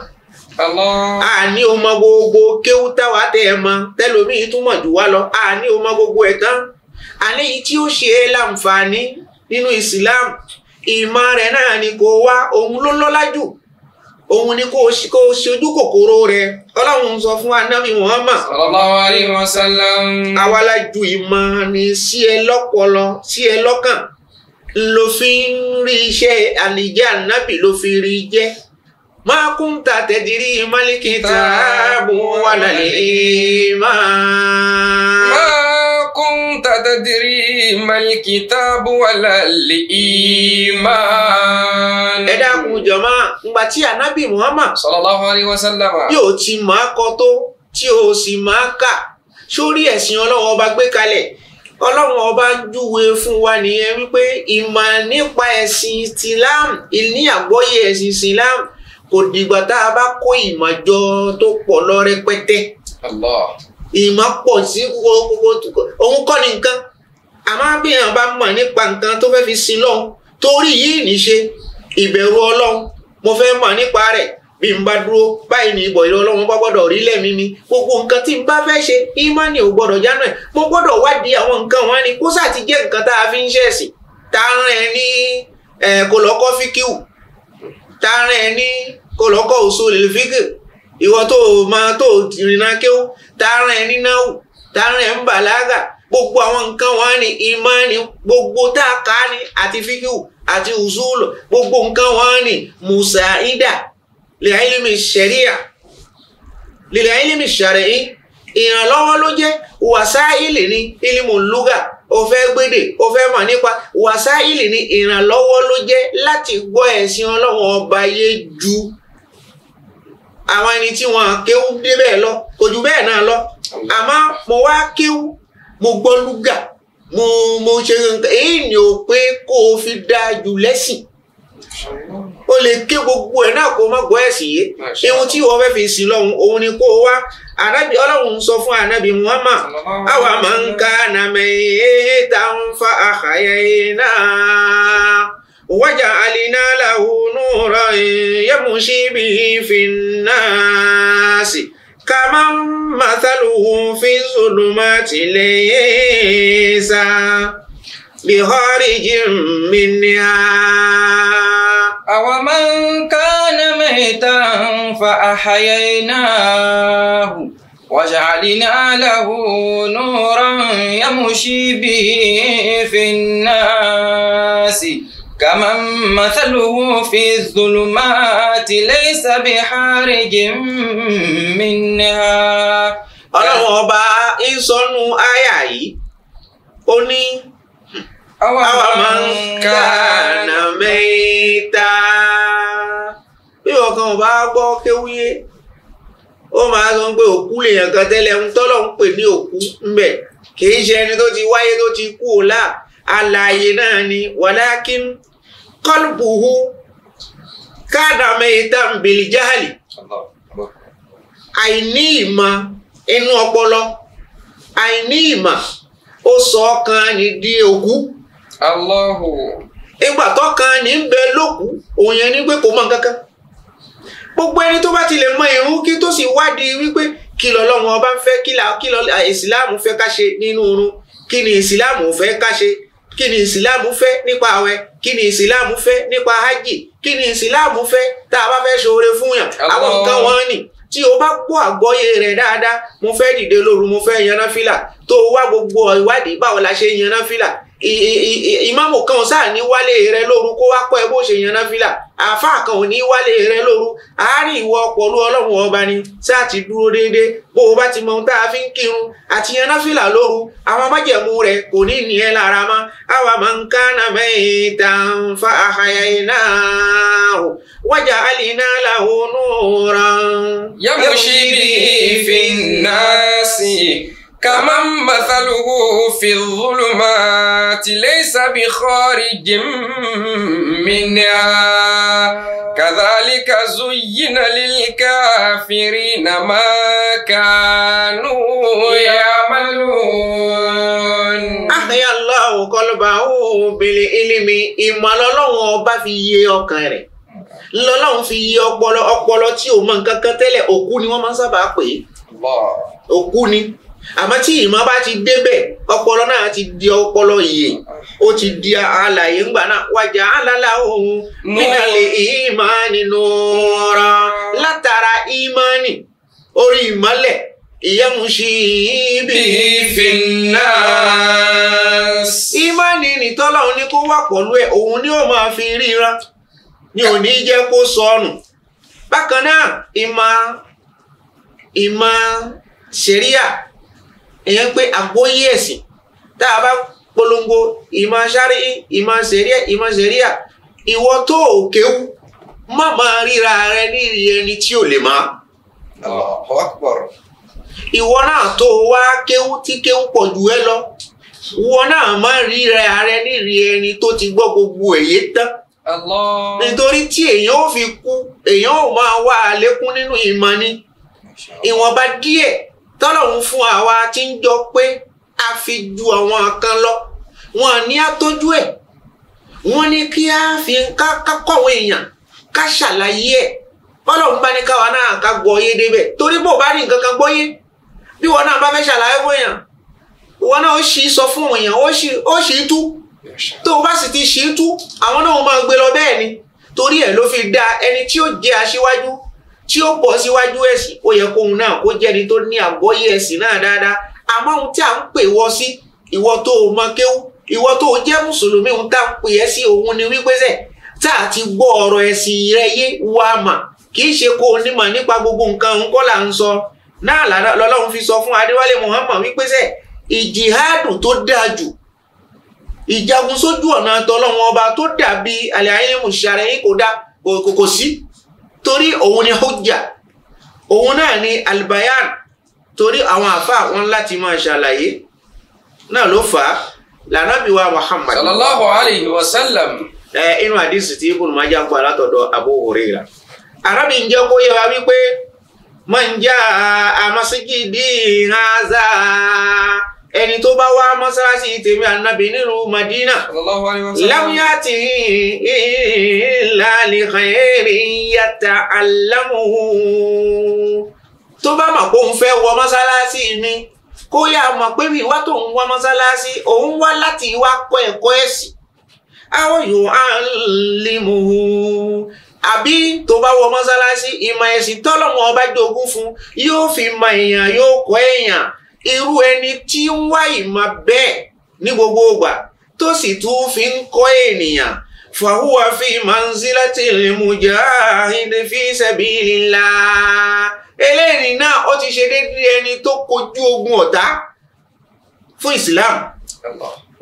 àní o mọ gbogbo kéwú táwa tẹ ẹ mọ tẹlómìí túmọ̀ jù wá lọ àní o gbogbo ẹ̀ tán àní yìí tí ó ṣe é láǹfààní nínú ìsìláàmù ìmọ̀ rẹ̀ náà ni kò wá òun ló lọ́lá jù òun ni kò ṣe ojú kòkòrò rẹ̀ ọlọ́run sọ fún anábì Muhammad. sallallahu alaihi wasallam. àwa la ju ni sí ẹ lọ́pọlọ sí ẹ lọ́kàn ló rí iṣẹ́ àlìjẹ́ ànábì ló rí jẹ́ ما كنت تدري ما الكتاب ولا الإيمان ما كنت تدري ما الكتاب ولا الإيمان ẹ dákun jọmọ ngbà tí anabi muhammad sallallahu alayhi wa sallam yóò ti máa kọ tó tí o sì máa kà sórí ẹ̀sìn ọlọ́wọ́ ọba gbé kalẹ̀ ọlọ́run ọba ń júwe fún wa nìyẹn wípé ìmọ̀ nípa ẹ̀sìn islam ìní àgbọ́yé ẹ̀sìn islam kò dìgbà tá a bá kó ìmọ̀ jọ tó pọ̀ lọ́rẹ́pẹ́tẹ́ rẹpẹtẹ ìmọ̀ pọ̀ sí ohun kọ́ ni nǹkan bí abíyàn bá mọ̀ nípa nǹkan tó fẹ́ fi sin lọ́hùn torí yìí níṣe ìbẹ̀rù ọlọ́hun mo fẹ́ mọ̀ nípa rẹ̀ bí n bá dúró báyìí ní ìbọ̀ ọlọ́run bá gbọ́dọ̀ rí lẹ́mí mi gbogbo nǹkan tí bá fẹ́ ṣe ò tààrẹ ní kọlọ́kọ̀ usulil fiqh ìwọ tó o máa tó o rìnnà kéwú tààrẹ ní náwó tààrẹ ń bàlágà gbogbo àwọn nǹkan wọn ni ìmọ̀ ni gbogbo tá a kà á ni àti fíkìwù àti usulu gbogbo nǹkan wọn ni musaida lil ilmi sharia lil ilmi shar'i ìrànlọ́wọ́ ló jẹ́ wàsáìlì ní ilmu lugha o fẹ́ gbédè o fẹ́ mọ̀ nípa wàsáìlì ni ìrànlọ́wọ́ ló jẹ́ láti gbọ́ ẹ̀sìn ọlọ́run ọba yé ju àwọn ẹni tí wọ́n kéwú débẹ̀ lọ kò jù bẹ́ẹ̀ náà lọ àmọ́ mo wá kéwú mo gbọ́ lúgà mo mo ṣe nǹkan èyí ni ò pé kó o fi dáa jù lẹ́sìn o lè ké gbogbo ẹ̀ náà kó o má gbọ́ ẹ̀sìn yìí ihun tí wọ́n fẹ́ fi sìn lọ́hùn òun ni kó o wá anabi ọlọ́run sọ fún anabi muhammad awa máa ń ka nàmẹ́ èyí tá ń fa àkàyẹ náà wájà àlìná làwùnú rọ yẹmùsí bí fìnnáàsì kàmá màtàlùwù fi sùlùmọ́ tìlẹ̀ yẹ́sà. بخارج منها أومن كان ميتا فأحييناه وجعلنا له نورا يمشي به في الناس كمن مثله في الظلمات ليس بحارج منها ọlọ́run ọba ń sọnù àyà àwọn kàánà mẹ́ta. bí ọkàn ò bá gbọ́ kéwúyé ó máa sọ pé òkú lèèyàn kan tẹ́lẹ̀ ń tọ́lọ̀ ń pè ní òkú ńbẹ̀ kì í ṣe ẹni tó ti wáyé tó ti kú ò láà náà ni wàlákín kọlùbùhù kádàmẹ́ta bìlìjáàlì àìní ìmọ̀ inú ọpọlọ àìní ìmọ̀ ó sọ ọkàn ní di òkú. Allahu. ìgbà tọkàn ní bẹ lókù òun yẹn ní pé kò mọ nǹkan kan gbogbo ẹni tó bá ti lè mọ ìrun kí tó sì wádìí wípé kí lọ́lọ́run ọba ń fẹ́ kí lọ ìsìláàmù fẹ́ ká ṣe nínú irun kí ni ìsìláàmù fẹ́ ká ṣe kí ni ìsìláàmù fẹ́ nípa àwẹ̀ kí ni ìsìláàmù fẹ́ nípa hajj kí ni ìsìláàmù fẹ́ tá a bá fẹ́ ṣoore fún yàn àwọn nǹkan wọn nì tí o bá kó àgbọ́yé rẹ̀ dáadáa mo fẹ́ dìde lóru mo fẹ́ yan tó o wá gbogbo ìwádìí báwo la ṣe yan ìmáàmù kan ò ní wálé rẹ lóru kó wá kọ́ ẹ bó ṣe yan náfìlà àáfàá kan ní wálé rẹ lóru àárín ìwọ pọ̀lú ọlọ́run ọba ni sáà ti dúró déédéé bó o bá ti mọ ohun tá a fi ń kírun àti yan náfìlà lóru àwọn májẹ̀mú rẹ kò ní ní ẹ lára mọ́ àwa máa ń ká náà mẹ́yìn tàn fa àhàyà iná o wájà àlìná làwọn onú ràn. yamushi bíi fi náà sí i. كمن مثله في الظلمات ليس بخارج منها كذلك زين للكافرين ما كانوا يعملون أحيا الله قلبه بالعلم إما لله ọba fi yé ọkàn rẹ̀ lọ́lọ́run fi yé ọpọlọ ọpọlọ tí ò mọ nǹkan kan tẹ́lẹ̀ òkú ni wọ́n máa ń sábà pè é òkú ni. àmọ́ tí ìmọ̀ bá ti débẹ̀ ọpọlọ náà ti di ọpọlọ yìí ó ti di àlàyé ńgbà náà wájà alálà òun mínàlè ìmánì ọ̀rọ̀ látara ìmánì orí ìmọ́lẹ̀ ìyẹ́muṣi bí fìnnáàs. ìmánì nìtọ́lá òun ni kó wà pọ̀lú ẹ̀ òun ni ó máa fi ni ò ní jẹ́ kó bákan náà ìmọ̀ ìmọ̀ ìyẹn pé àgbóyé ẹ̀sìn tá a bá polongo ìmọ̀ sáré ìmọ̀ sẹ̀ríà ìmọ̀ sẹ̀ríà ìwọ tó o ma má máa ríra rẹ ní ẹni tí ò lè má. ìwọ náà tó wá kéwú tí kéwú pọ̀ jù ẹ lọ ìwọ náà má ríra rẹ ní ẹni tó ti gbọ́ gbogbo tán. nítorí tí èèyàn ò fi kú èèyàn ò máa wá àlékún nínú ìmọ̀ ni tọ́lọ́run fún àwa tí ń jọ pé a fi ju àwọn kan lọ wọn ní àtọ́jú ẹ̀ wọ́n ní kí a fi ká kọ́ àwọn èèyàn ká ṣàlàyé ẹ̀ tọ́lọ́run bá ní káwa náà ká gbọ́ yé débẹ̀ torí bó bá ní nǹkan kan gbọ́ yé bí wọn náà bá fẹ́ ṣàlàyé fún èèyàn wọn náà ó ṣì sọ fún èèyàn ó ṣì tú tó o bá sì ti ṣì tú àwọn náà máa gbé lọ bẹ́ẹ̀ ni torí ẹ̀ ló fi dá ẹni tí ó jẹ́ aṣíwájú tí ó bọ̀ síwájú ẹ̀sìn ó yẹ kóun náà kó jẹ́ni tó ní àgbọ́yé ẹ̀sìn náà dáadáa àmọ́ ohun tí à ń pè wọ́ sí ìwọ tó o mọ kéwú ìwọ tó o jẹ́ mùsùlùmí ohun tá à ń pè ẹ́ sí òun ni wípé sẹ̀ tá a ti gbọ́ ọ̀rọ̀ ẹ̀sìn rẹ yé wa mà kì í ṣe kó o nímọ̀ nípa gbogbo nǹkan òun kọ́ là ń sọ náà lọ́lọ́run fi sọ fún Adéwálé Muhammad wípé sẹ̀ ìjìhádù tó dáa jù ìjagun sójú ọ̀nà tọlọ́run ọba tó dàbí àlẹ́ ayé mùsàrẹ́yìn kò dá kò sí torí òun ni hujja òun náà ni albayan torí àwọn àfa wọn láti máa ṣàlàyé náà ló fà á lànàbí wa muhammad. sallallahu alayhi wa sallam. ẹ inú àdìsí tí ibùdó máa já ń pa látọ̀dọ̀ abu huraira. arábì ń jẹ́ kó yẹ wa wípé man jaa amasijidi haza ẹni tó bá wá mọ́sálásí tèmi ànábì nílùú Madina lámúyá ti ìlàlẹ̀ kẹrì yàtà alámù tó bá mọ̀ pé òun fẹ́ wọ mọ́sálásí mi kó yá mọ̀ pé bí ìwá tó ń wá mọ́sálásí òun wá láti wá kọ́ ẹ̀kọ́ ẹ̀sìn àwọn yòó á ń limu àbí tó bá wọ mọ́sálásí ìmọ̀ ẹ̀sìn tọ́lọ́mọ ọba jogún fún yóò fi mọ èèyàn yóò kọ́ èèyàn irú ẹni tí ń wá ìmọ̀ bẹ́ẹ̀ ní gbogbo ìgbà tó sì tún fi ń kọ́ ènìyàn fàhùwà fi manzilatil mujahid fi sabilillah eléyìí náà ó ti ṣe déédéé ẹni tó kojú ogun ọ̀tá fún Islam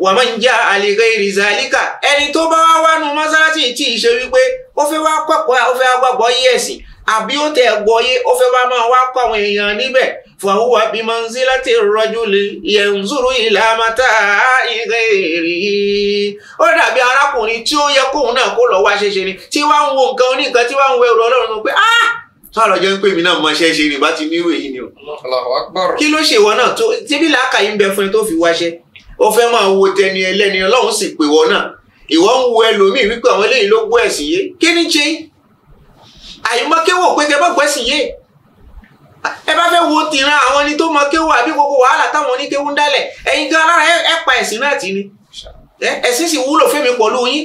wà máa ń já àlèrè ìrìzàlíkà ẹni tó bá wá wánu mọ́sálásí tí ì ṣe wípé ó fẹ́ wá pàpọ̀ ó fẹ́ wá gbàgbọ́ yí ẹ̀sìn àbí ó tẹ̀ gbọ́ yé ó fẹ́ wá máa wá kọ́ èèyàn níbẹ̀ فهو بمنزلة الرجل ينظر إلى متاع غيره ó dàbí arákùnrin tí ó yẹ kóun náà kó lọ wá ṣẹṣẹ ni tí wàá ń wo nǹkan oníkan tí wàá ń wo ẹrù ọlọ́run pé ah sọ̀rọ̀ jẹ́ pé èmi náà mọ ṣẹ́ṣe ni bá ti ní ìwé yìí ni o. kí ló ṣe ìwọ náà tó tíbi làákàyè ń bẹ fún ẹ tó fi wáṣẹ́ ó fẹ́ máa wo tẹni ẹlẹ́ni ọlọ́run sì pè wọ́n náà ìwọ ń wo ẹlòmíì wípé àwọn eléyìí ló gbọ́ ẹ̀sìn yé kí ni ṣe àyùmọ́kéwò pé tẹ bá gbẹ́sìn yé ẹ bá fẹ́ wo tìran àwọn ẹni tó mọ kéwù àbí gbogbo wàhálà táwọn oníkéwù ń dálẹ̀ ẹ̀yin gan alára ẹ pa ẹ̀sìn náà tì ni ẹ̀sìn sì wúlò fẹ́mi pọ̀lú yín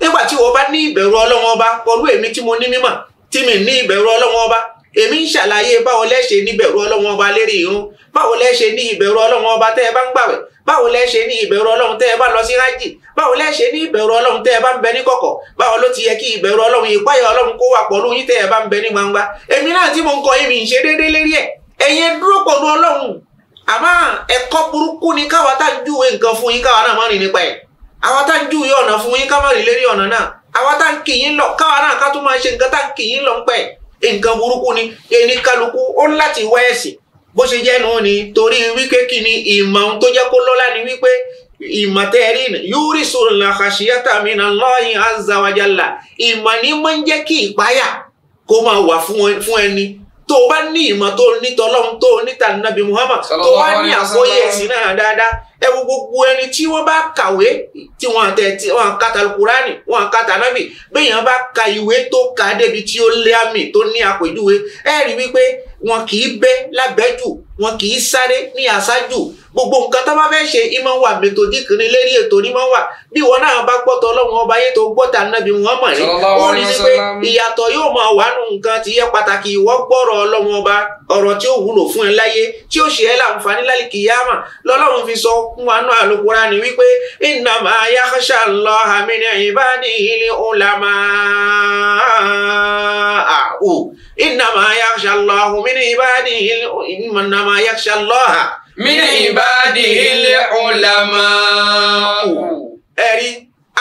nígbà tí wọ́n bá ní ìbẹ̀rù Ọlọ́run ọba pọ̀lú èmi tí mo ní mímọ̀ tí mi ní ìbẹ̀rù Ọlọ́run ọba èmi ń ṣàlàyé báwo lẹ ṣe ní ìbẹ̀rù Ọlọ́run ọba lérí irun báwo lẹ ṣe ní ìbẹ̀rù Ọlọ́run ọba tẹ́ ẹ bá ń gbàwẹ̀ báwo lẹ ṣe ní ìbẹ̀rù ọlọ́run tẹ́ ẹ bá lọ sí hájì báwo lẹ ṣe ní ìbẹ̀rù ọlọ́run tẹ́ ẹ bá ń bẹ ní kọ̀kọ̀ báwo ló ti yẹ kí ìbẹ̀rù ọlọ́run ìpáyà ọlọ́run kó wà pọ̀lú yín tẹ́ ẹ bá ń bẹ ní gbangba èmi náà tí mo ń kọ èmi ń ṣe déédéé lérí ẹ̀ ẹ̀yin dúró pọ̀lú ọlọ́run àmọ́ ẹ̀kọ́ burúkú ni káwa tá ń júwe nǹkan fún yín káwa náà má rìn nípa ẹ̀ àwa tá ń júwe ọ̀nà fún yín ká má rìn lérí ọ̀nà náà àwa tá ń kì lọ káwa náà ká tún máa ṣe nǹkan tá ń kì lọ ń pẹ́ nǹkan burúkú ni ẹni kálukú ó láti wá ẹ̀sìn bó ṣe jẹ́ nù ni torí wípé kí ni ìmọ̀ ohun tó jẹ́ kó lọ́lá ni wípé ìmọ̀ tẹ́ ẹ rí ni yúrí sùnlá khashiyata minallahi azza wa jalla ìmọ̀ ni máa ń jẹ́ kí ìpáyà kó máa wà fún ẹni tó o bá ní ìmọ̀ tó o ní tọ́lọ́run tó o ní tànàbí Muhammad tó o bá ní àkóyè ẹ̀sìn náà dáadáa ẹ wo gbogbo ẹni tí wọ́n bá kàwé tí wọ́n tẹ tí wọ́n ka talukurani wọ́n ka tanabi béèyàn bá ka ìwé tó ka débi tí ó lé àmì tó ní àpèjúwe ẹ rí wípé wọn kì í bẹ́ lábẹ́jù wọn kì í sáré ní àṣájù gbogbo nǹkan tó bá fẹ́ ṣe ìmọ̀ wà mẹtòdíkì ní lérí ètò onímọ̀ wà bí wọn náà bá gbọ́tọ̀ ọlọ́run ọba yẹn tó gbọ́tà nábì wọn mọ̀ rí ó rí ni pé ìyàtọ̀ yóò máa wà nù nǹkan ti yẹ pàtàkì ìwọ gbọ́rọ̀ ọlọ́run ọba ọ̀rọ̀ tí ó wúlò fún ẹ láyé tí ó ṣe ẹ́ láǹfààní lálẹ́ kìyàmà lọ́lọ́run fi sọ fún wa náà lókùrá ni wípé innama yakhsha Allaha min ibadihil ulama àwò innama yakhsha Allaha min ibadihil innama yakhsha Allaha min ibadihil ulama àwò. ẹ̀rí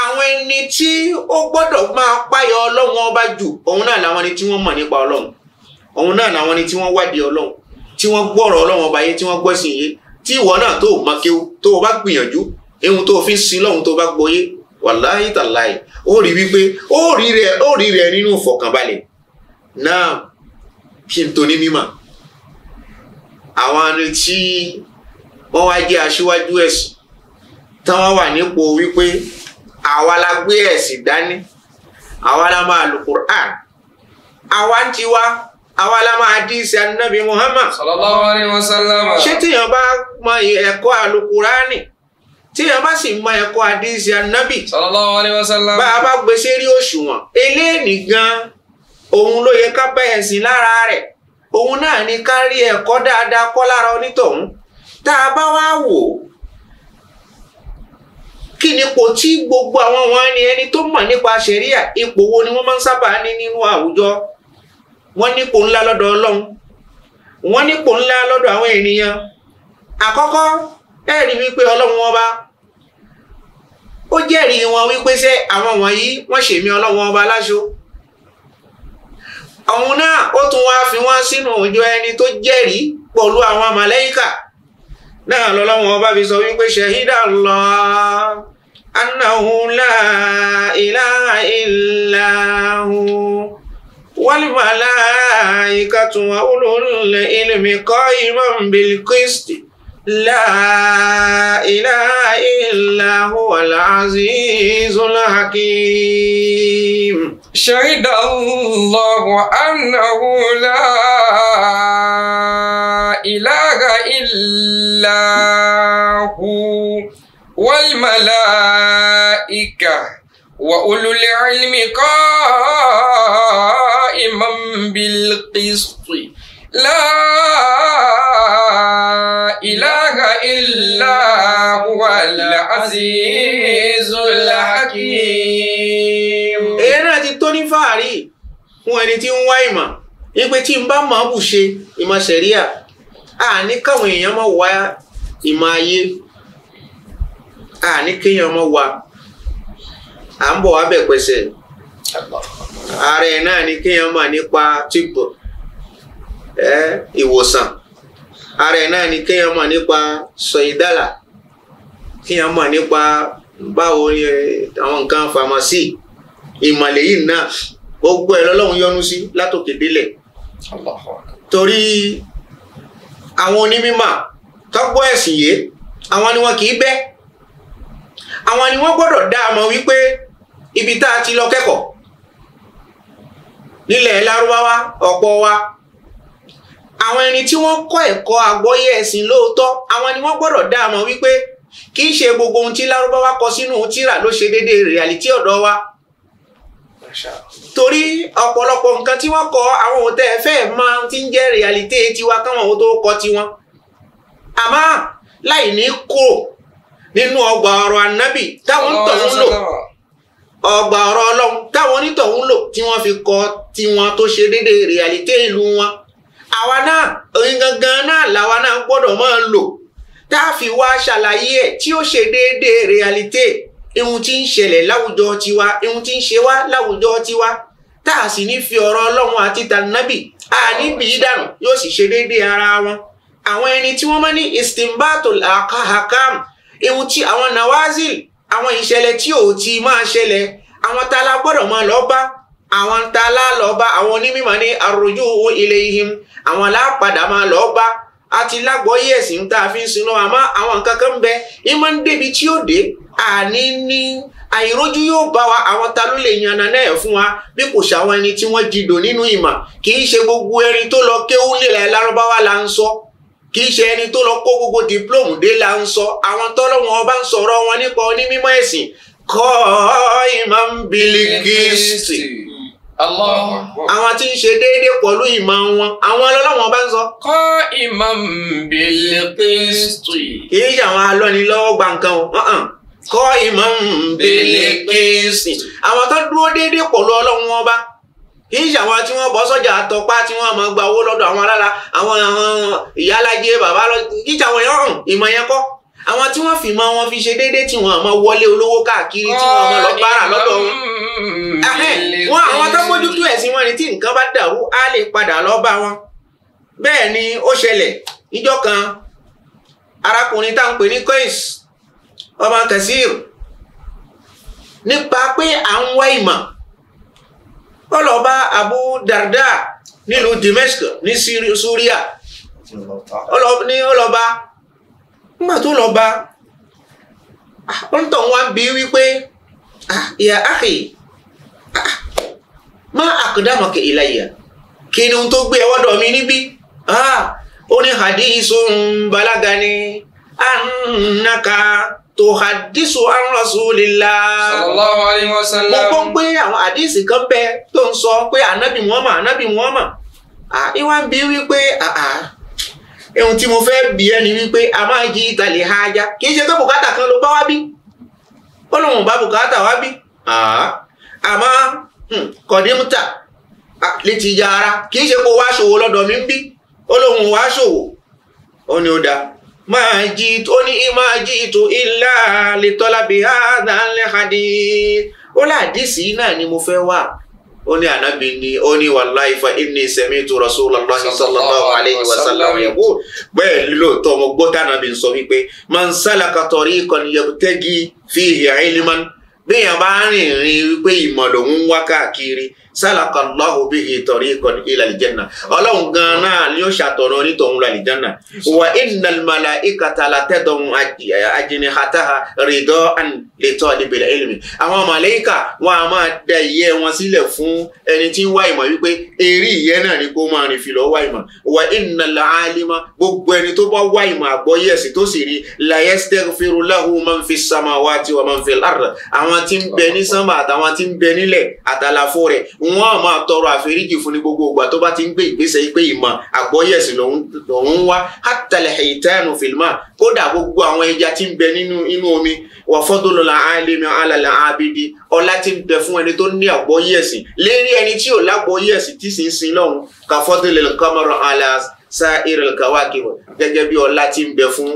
àwọn ẹni tí ó gbọ́dọ̀ máa páyọ ọlọ́run ọba jù òun náà làwọn ẹni tí wọ́n mọ̀ nípa ọlọ́run òun náà làwọn ẹni tí wọ́n wádìí ọlọ́run tí wọ́n gbọ́rọ̀ ọlọ́run ọba yé tí wọ́n gbọ́sìn yé tí ìwọ náà tó o máa kéwú tó o bá gbìyànjú ihun tó o fi ń sin lọ́hun tó o bá gbọ́yé wàláyé tàláyé ó rí wípé ó rí rẹ ó rí rẹ nínú ìfọ̀kànbalẹ̀ náà kí n tó ní mímọ̀ àwọn ẹni tí wọ́n wá jẹ́ aṣíwájú ẹ̀sìn táwọn wà nípò wípé àwa la gbé ẹ̀sìn dání àwa la máa lò àwa ń tiwa àwa la máa dí ìsì anábì Muhammad. sallallahu alayhi wa sallam. ṣé tíyàn bá mọ ẹ̀kọ́ alukurani tíyàn bá sì mọ ẹ̀kọ́ àdìsí anábì. sallallahu alayhi wa sallam. bá a bá gbé sérí òṣùwọ̀n eléyìí gan òun ló yẹ ká bẹ̀yẹ̀ sí lára rẹ̀ òun náà ni ká rí ẹ̀kọ́ dáadáa kọ́ lára onítọ̀hún tá a bá wá wò kí ni ipò tí gbogbo àwọn wọn ni ẹni tó mọ̀ nípa ṣẹ̀ríà ipò wo ni wọ́n máa ń sábà ní nínú àwùjọ wọ́n nípò ńlá lọ́dọ̀ ọlọ́run wọ́n nípò ńlá lọ́dọ̀ àwọn ènìyàn àkọ́kọ́ ẹ̀rí wípé ọlọ́run ọba ó jẹ́rìí wọn wípé ṣé àwọn wọ̀nyí wọ́n ṣèmí ọlọ́run ọba láṣọ òun náà ó tún wá fi wọ́n sínú òjò ẹni tó jẹ́rìí pọ̀lú àwọn màlẹ́yíkà náà lọ́lọ́run ọba fi sọ wípé ṣẹ̀hídà Allah annahu la ilaha والملائكة وأولو العلم قائما بالقسط لا إله إلا هو العزيز الحكيم شهد الله أنه لا إله إلا هو والملائكة وأولو العلم قائما قائما بالقسط لا إله إلا هو العزيز الحكيم èyí náà ti tó ní fàárì fún ẹni tí ń wá ìmọ̀ ipe tí n bá máa bù ṣe ìmọ̀ sẹ̀ríà àní káwọn èèyàn máa wá ìmọ̀ ayé àní kéèyàn máa wá à ń bọ̀ wá bẹ̀ pẹ̀sẹ̀. ara ẹ̀ náà ni kéèyàn nipa nípa tìbọ̀ ìwòsàn ara ẹ̀ náà ni kéèyàn nipa nípa sọ̀yìdálà kéèyàn mọ̀ nípa báwo ni àwọn nǹkan fàmásì ìmọ̀lẹ̀ yìí náà gbogbo ẹ̀ lọ́lọ́run yọ́nú sí látòkè délẹ̀ torí àwọn onímọ̀ tọ́gbọ́ ẹ̀sìn awọn àwọn ni wọn kì í bẹ́ àwọn ni dá wípé ibi tá a ti lọ kẹ́kọ̀ọ́ nílẹ̀ lárúbáwá ọ̀pọ̀ wa àwọn ẹni tí wọ́n kọ́ ẹ̀kọ́ àgbọ́yé ẹ̀sìn lóòótọ́ àwọn ni wọ́n gbọ́dọ̀ dá àmọ́ wípé kì í ṣe gbogbo ohun tí lárúbáwá kọ sínú tírà ló ṣe déédéé rìálítì ọ̀dọ̀ wa torí ọ̀pọ̀lọpọ̀ nǹkan tí wọ́n kọ àwọn òun tẹ́ ẹ fẹ́ máa ti ń jẹ́ rìálítì tiwa káwọn òun tó kọ tiwọn àmọ́ láì ní kúrò nínú ọgbà ọ̀rọ̀ ànábì táwọn ń tọ̀ ń lò ọgbà ọ̀rọ̀ ọlọ́run táwọn onítọ̀hún lò tí wọ́n fi kọ tiwọn tó ṣe déédéé rìálítì ìlú wọn àwa náà oyin gangan náà làwa náà gbọ́dọ̀ máa lò tá a fi wá ṣàlàyé ẹ̀ tí ó ṣe déédéé rìálítì ihun tí ń ṣẹlẹ̀ láwùjọ tiwa ihun tí ń ṣe wá láwùjọ tiwa tá a sì ní fi ọ̀rọ̀ ọlọ́run àti tànàbì àníbì dànù yóò sì ṣe déédéé ara wọn àwọn ẹni tí wọ́n mọ̀ ní istimbatul akahakam ihun tí àwọn nawazil àwọn ìṣẹ̀lẹ̀ tí ò ti máa ṣẹlẹ̀ àwọn tá a la gbọ́dọ̀ máa lọ bá àwọn tá la lọ bá àwọn onímọ̀ ní àròjù ilayhim àwọn aláàpadà máa lọ bá a ti lágbọ́yé ẹ̀sìn tá a fi ń sinú àmọ́ àwọn nǹkan kan bẹ ìmọ̀ ń débi tí ó dé àní ní àìrójú yóò bá wa àwọn ta ló lè yànnà náà fún wa bí kò ṣàwọn ẹni tí wọ́n jìdò nínú ìmọ̀ kì í ṣe gbogbo ẹni tó lọ kéwú nílẹ̀ lárúbáwá la ń sọ kì í ṣe ẹni tó lọ kó gbogbo dìplóòmù dé la ń sọ àwọn tọ́lọ́wọ́n ọba ń sọ̀rọ̀ wọn nípa onímọ̀ ẹ̀sìn kọ́ imam bilikisi àwọn tí ń ṣe déédéé pọ̀lú ìmọ̀ wọn àwọn ọlọ́wọ́n bá ń sọ. kọ́ imam bilikisi. kì í ṣe àwọn alọ́nilọ́wọ́ gba nǹkan o kọ́ imam bilikisi. àwọn tó dúró déédéé pọ̀lú ọlọ́wọ́n ọba kì í ṣe àwọn tí wọ́n bọ́ sọ́jà àtọpá tí wọ́n máa gba owó lọ́dọ̀ àwọn alára àwọn ìyálájẹ bàbá lọ kì í ṣe àwọn ìrọ̀rùn ìmọ̀ yẹn kọ́ àwọn tí wọ́n fi mọ wọn fi ṣe déédéé tí wọ́n máa wọlé olówó káàkiri tí wọ́n máa lọ bára lọ́dọ̀ wọn. wọn àwọn tó mójútó ẹ̀sìn wọn ni tí nǹkan bá dàrú á lè padà lọ bá wọn. bẹ́ẹ̀ ni ó ṣẹlẹ̀ níjọ́ kan arákùnrin tá à ń pè ní Qais ọmọ Kasir nípa pé à ń wá ìmọ̀ wọ́n lọ Abu Darda nílùú Damascus ní Súríà ní ọlọ́ba nígbà tó lọ bá ah, wọ́n tọ̀ wá bí wípé ìyá ákì má àkàdámọ̀kẹ́ ìlàyà kí ni ohun tó gbé ẹwọ́dọ̀ mi níbí ah, ó ní hadithun balagani annaka tòhádìsù arúnrasúlélá. sallallahu alayhi wa sallam. mo gbọ́ pé àwọn àdìsì kan bẹ tó ń sọ pé ànábì wọn mà ànábì wọn mà. ìwà ń bi wípé ohun tí mo fẹ́ bi ẹ́ ni wípé a máa yí ìtàlẹ̀ ha ajá kì í ṣe pé bùkátà kan ló bá wá bí ó lóun bá bùkátà wá bí àmọ́ hmm, kọ̀dímútà létí ìjà ara kì í ṣe pé wá ṣòwò lọ́dọ̀ mi ń bí ó lóun wá ṣòwò ó ní ó dáa máa jí tó ní máa jí tó ilá lè tọ́lá bí hádà ó láàdísì náà ni mo fẹ́ wà ó ní ànábì ni ó ní wàláhì fa inni sami'tu rasulullahi sallallahu alayhi wa sallam yaqul bẹ́ẹ̀ lóòótọ́ mo gbọ́ tànàbì sọ wípé man salaka tariqan yabtagi fihi ilman bẹ́ẹ̀ yẹn bá rìn rìn wípé sálàkàlọ́hù bí ìtọ̀rí ikọ̀ ilẹ̀ àlìjẹ́nà ọlọ́run gan-an náà ni ó ṣàtọ̀nà onítọ̀hún àlìjẹ́nà wà ìnàlmàlà ìkàtàlà tẹ́tọ̀hún àjìnìhàtàhà rìdọ́ àǹlẹ̀tọ́ níbẹ̀rẹ̀ ẹlẹ́mì. àwọn màlẹ́kà wọn a máa da ìyẹ́ wọn sílẹ̀ fún ẹni tí ń wá ìmọ̀ wípé eré ìyẹ́ náà ni kó máa rìn filọ̀ wá ìmọ̀ wà ìnàlà àlìmọ̀ gbogbo ẹni tó bá wá ìmọ̀ àgbọ́yé ẹ̀sìn tó sì rí layastaghfiru lahu man fi samawati wa man fil ard àwọn tí ń bẹ ní sánmà àtàwọn tí ń bẹ nílẹ̀ àtàlàfo rẹ̀ wọn á máa tọrọ àforíjì fún ní gbogbo ìgbà tó bá ti ń gbé ìgbésẹ̀ pé ìmọ̀ àgbọ́yé ẹ̀sìn lòun ń wá hátàlẹ̀ ìtẹ́nu fìlmà kódà gbogbo àwọn ẹja tí ń bẹ nínú inú omi wà fọ́dúnlọ́lá alẹ́mi alàlà abidi ọlá tí ń bẹ fún ẹni tó ní àgbọ́yé ẹ̀sìn lérí ẹni tí ò lágbọ́yé tí sì ń sin lọ́hùn kà fọ́dúnlẹ̀ alas sa iril kawaki gẹ́gẹ́ bí ọlá tí ń bẹ fún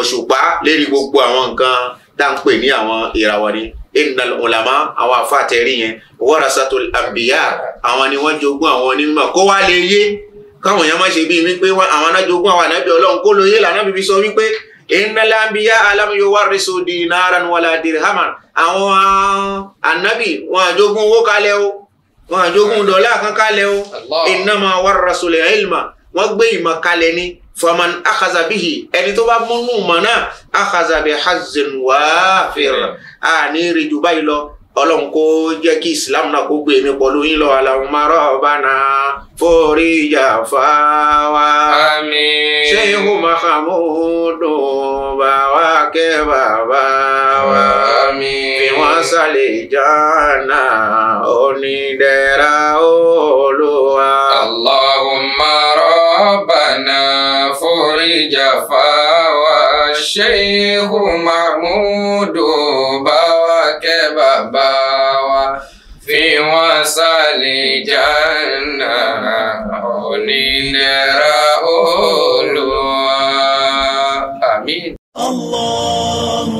òṣùpá lérí gbogbo àwọn nǹkan tá à ń pè ní àwọn ìràwọ̀ ni innal ulama àwọn afáàtẹ̀rí yẹn warasatul anbiya àwọn ni wọ́n jogún àwọn onímọ̀ kó wá lè yé káwọn èèyàn má ṣe bíi wípé àwọn anájogún àwọn ànábì ọlọ́run kó lóye lànà bíbí sọ wípé innal anbiya alam yuwarrisu dinaran wala dirhaman àwọn ànábì wọn àjogún owó kalẹ̀ o wọn àjogún dọ́là kan kalẹ̀ o innama warrasul ilma wọ́n gbé ìmọ̀ kalẹ̀ ni faman akazabihi ẹni tó bá múnú mọ̀ náà akazabi hazen wàáfẹ̀r àní rìjù báyìí lọ ọlọ́run kó jẹ́ kí islam náà kó gbé mi pọ̀lú yín lọ Allahumma rabbana forí jàfa wa. àmín. Sheikhu Mahamudu bàwá kẹ́ bàbá wa. fi wọ́n sálẹ̀ jánà onídẹ̀ra olúwa. Allahumma rabbana. ربنا فرج فاوى الشيخ محمود بارك باباوى في وصل جنة ونينرا أولوى آمين الله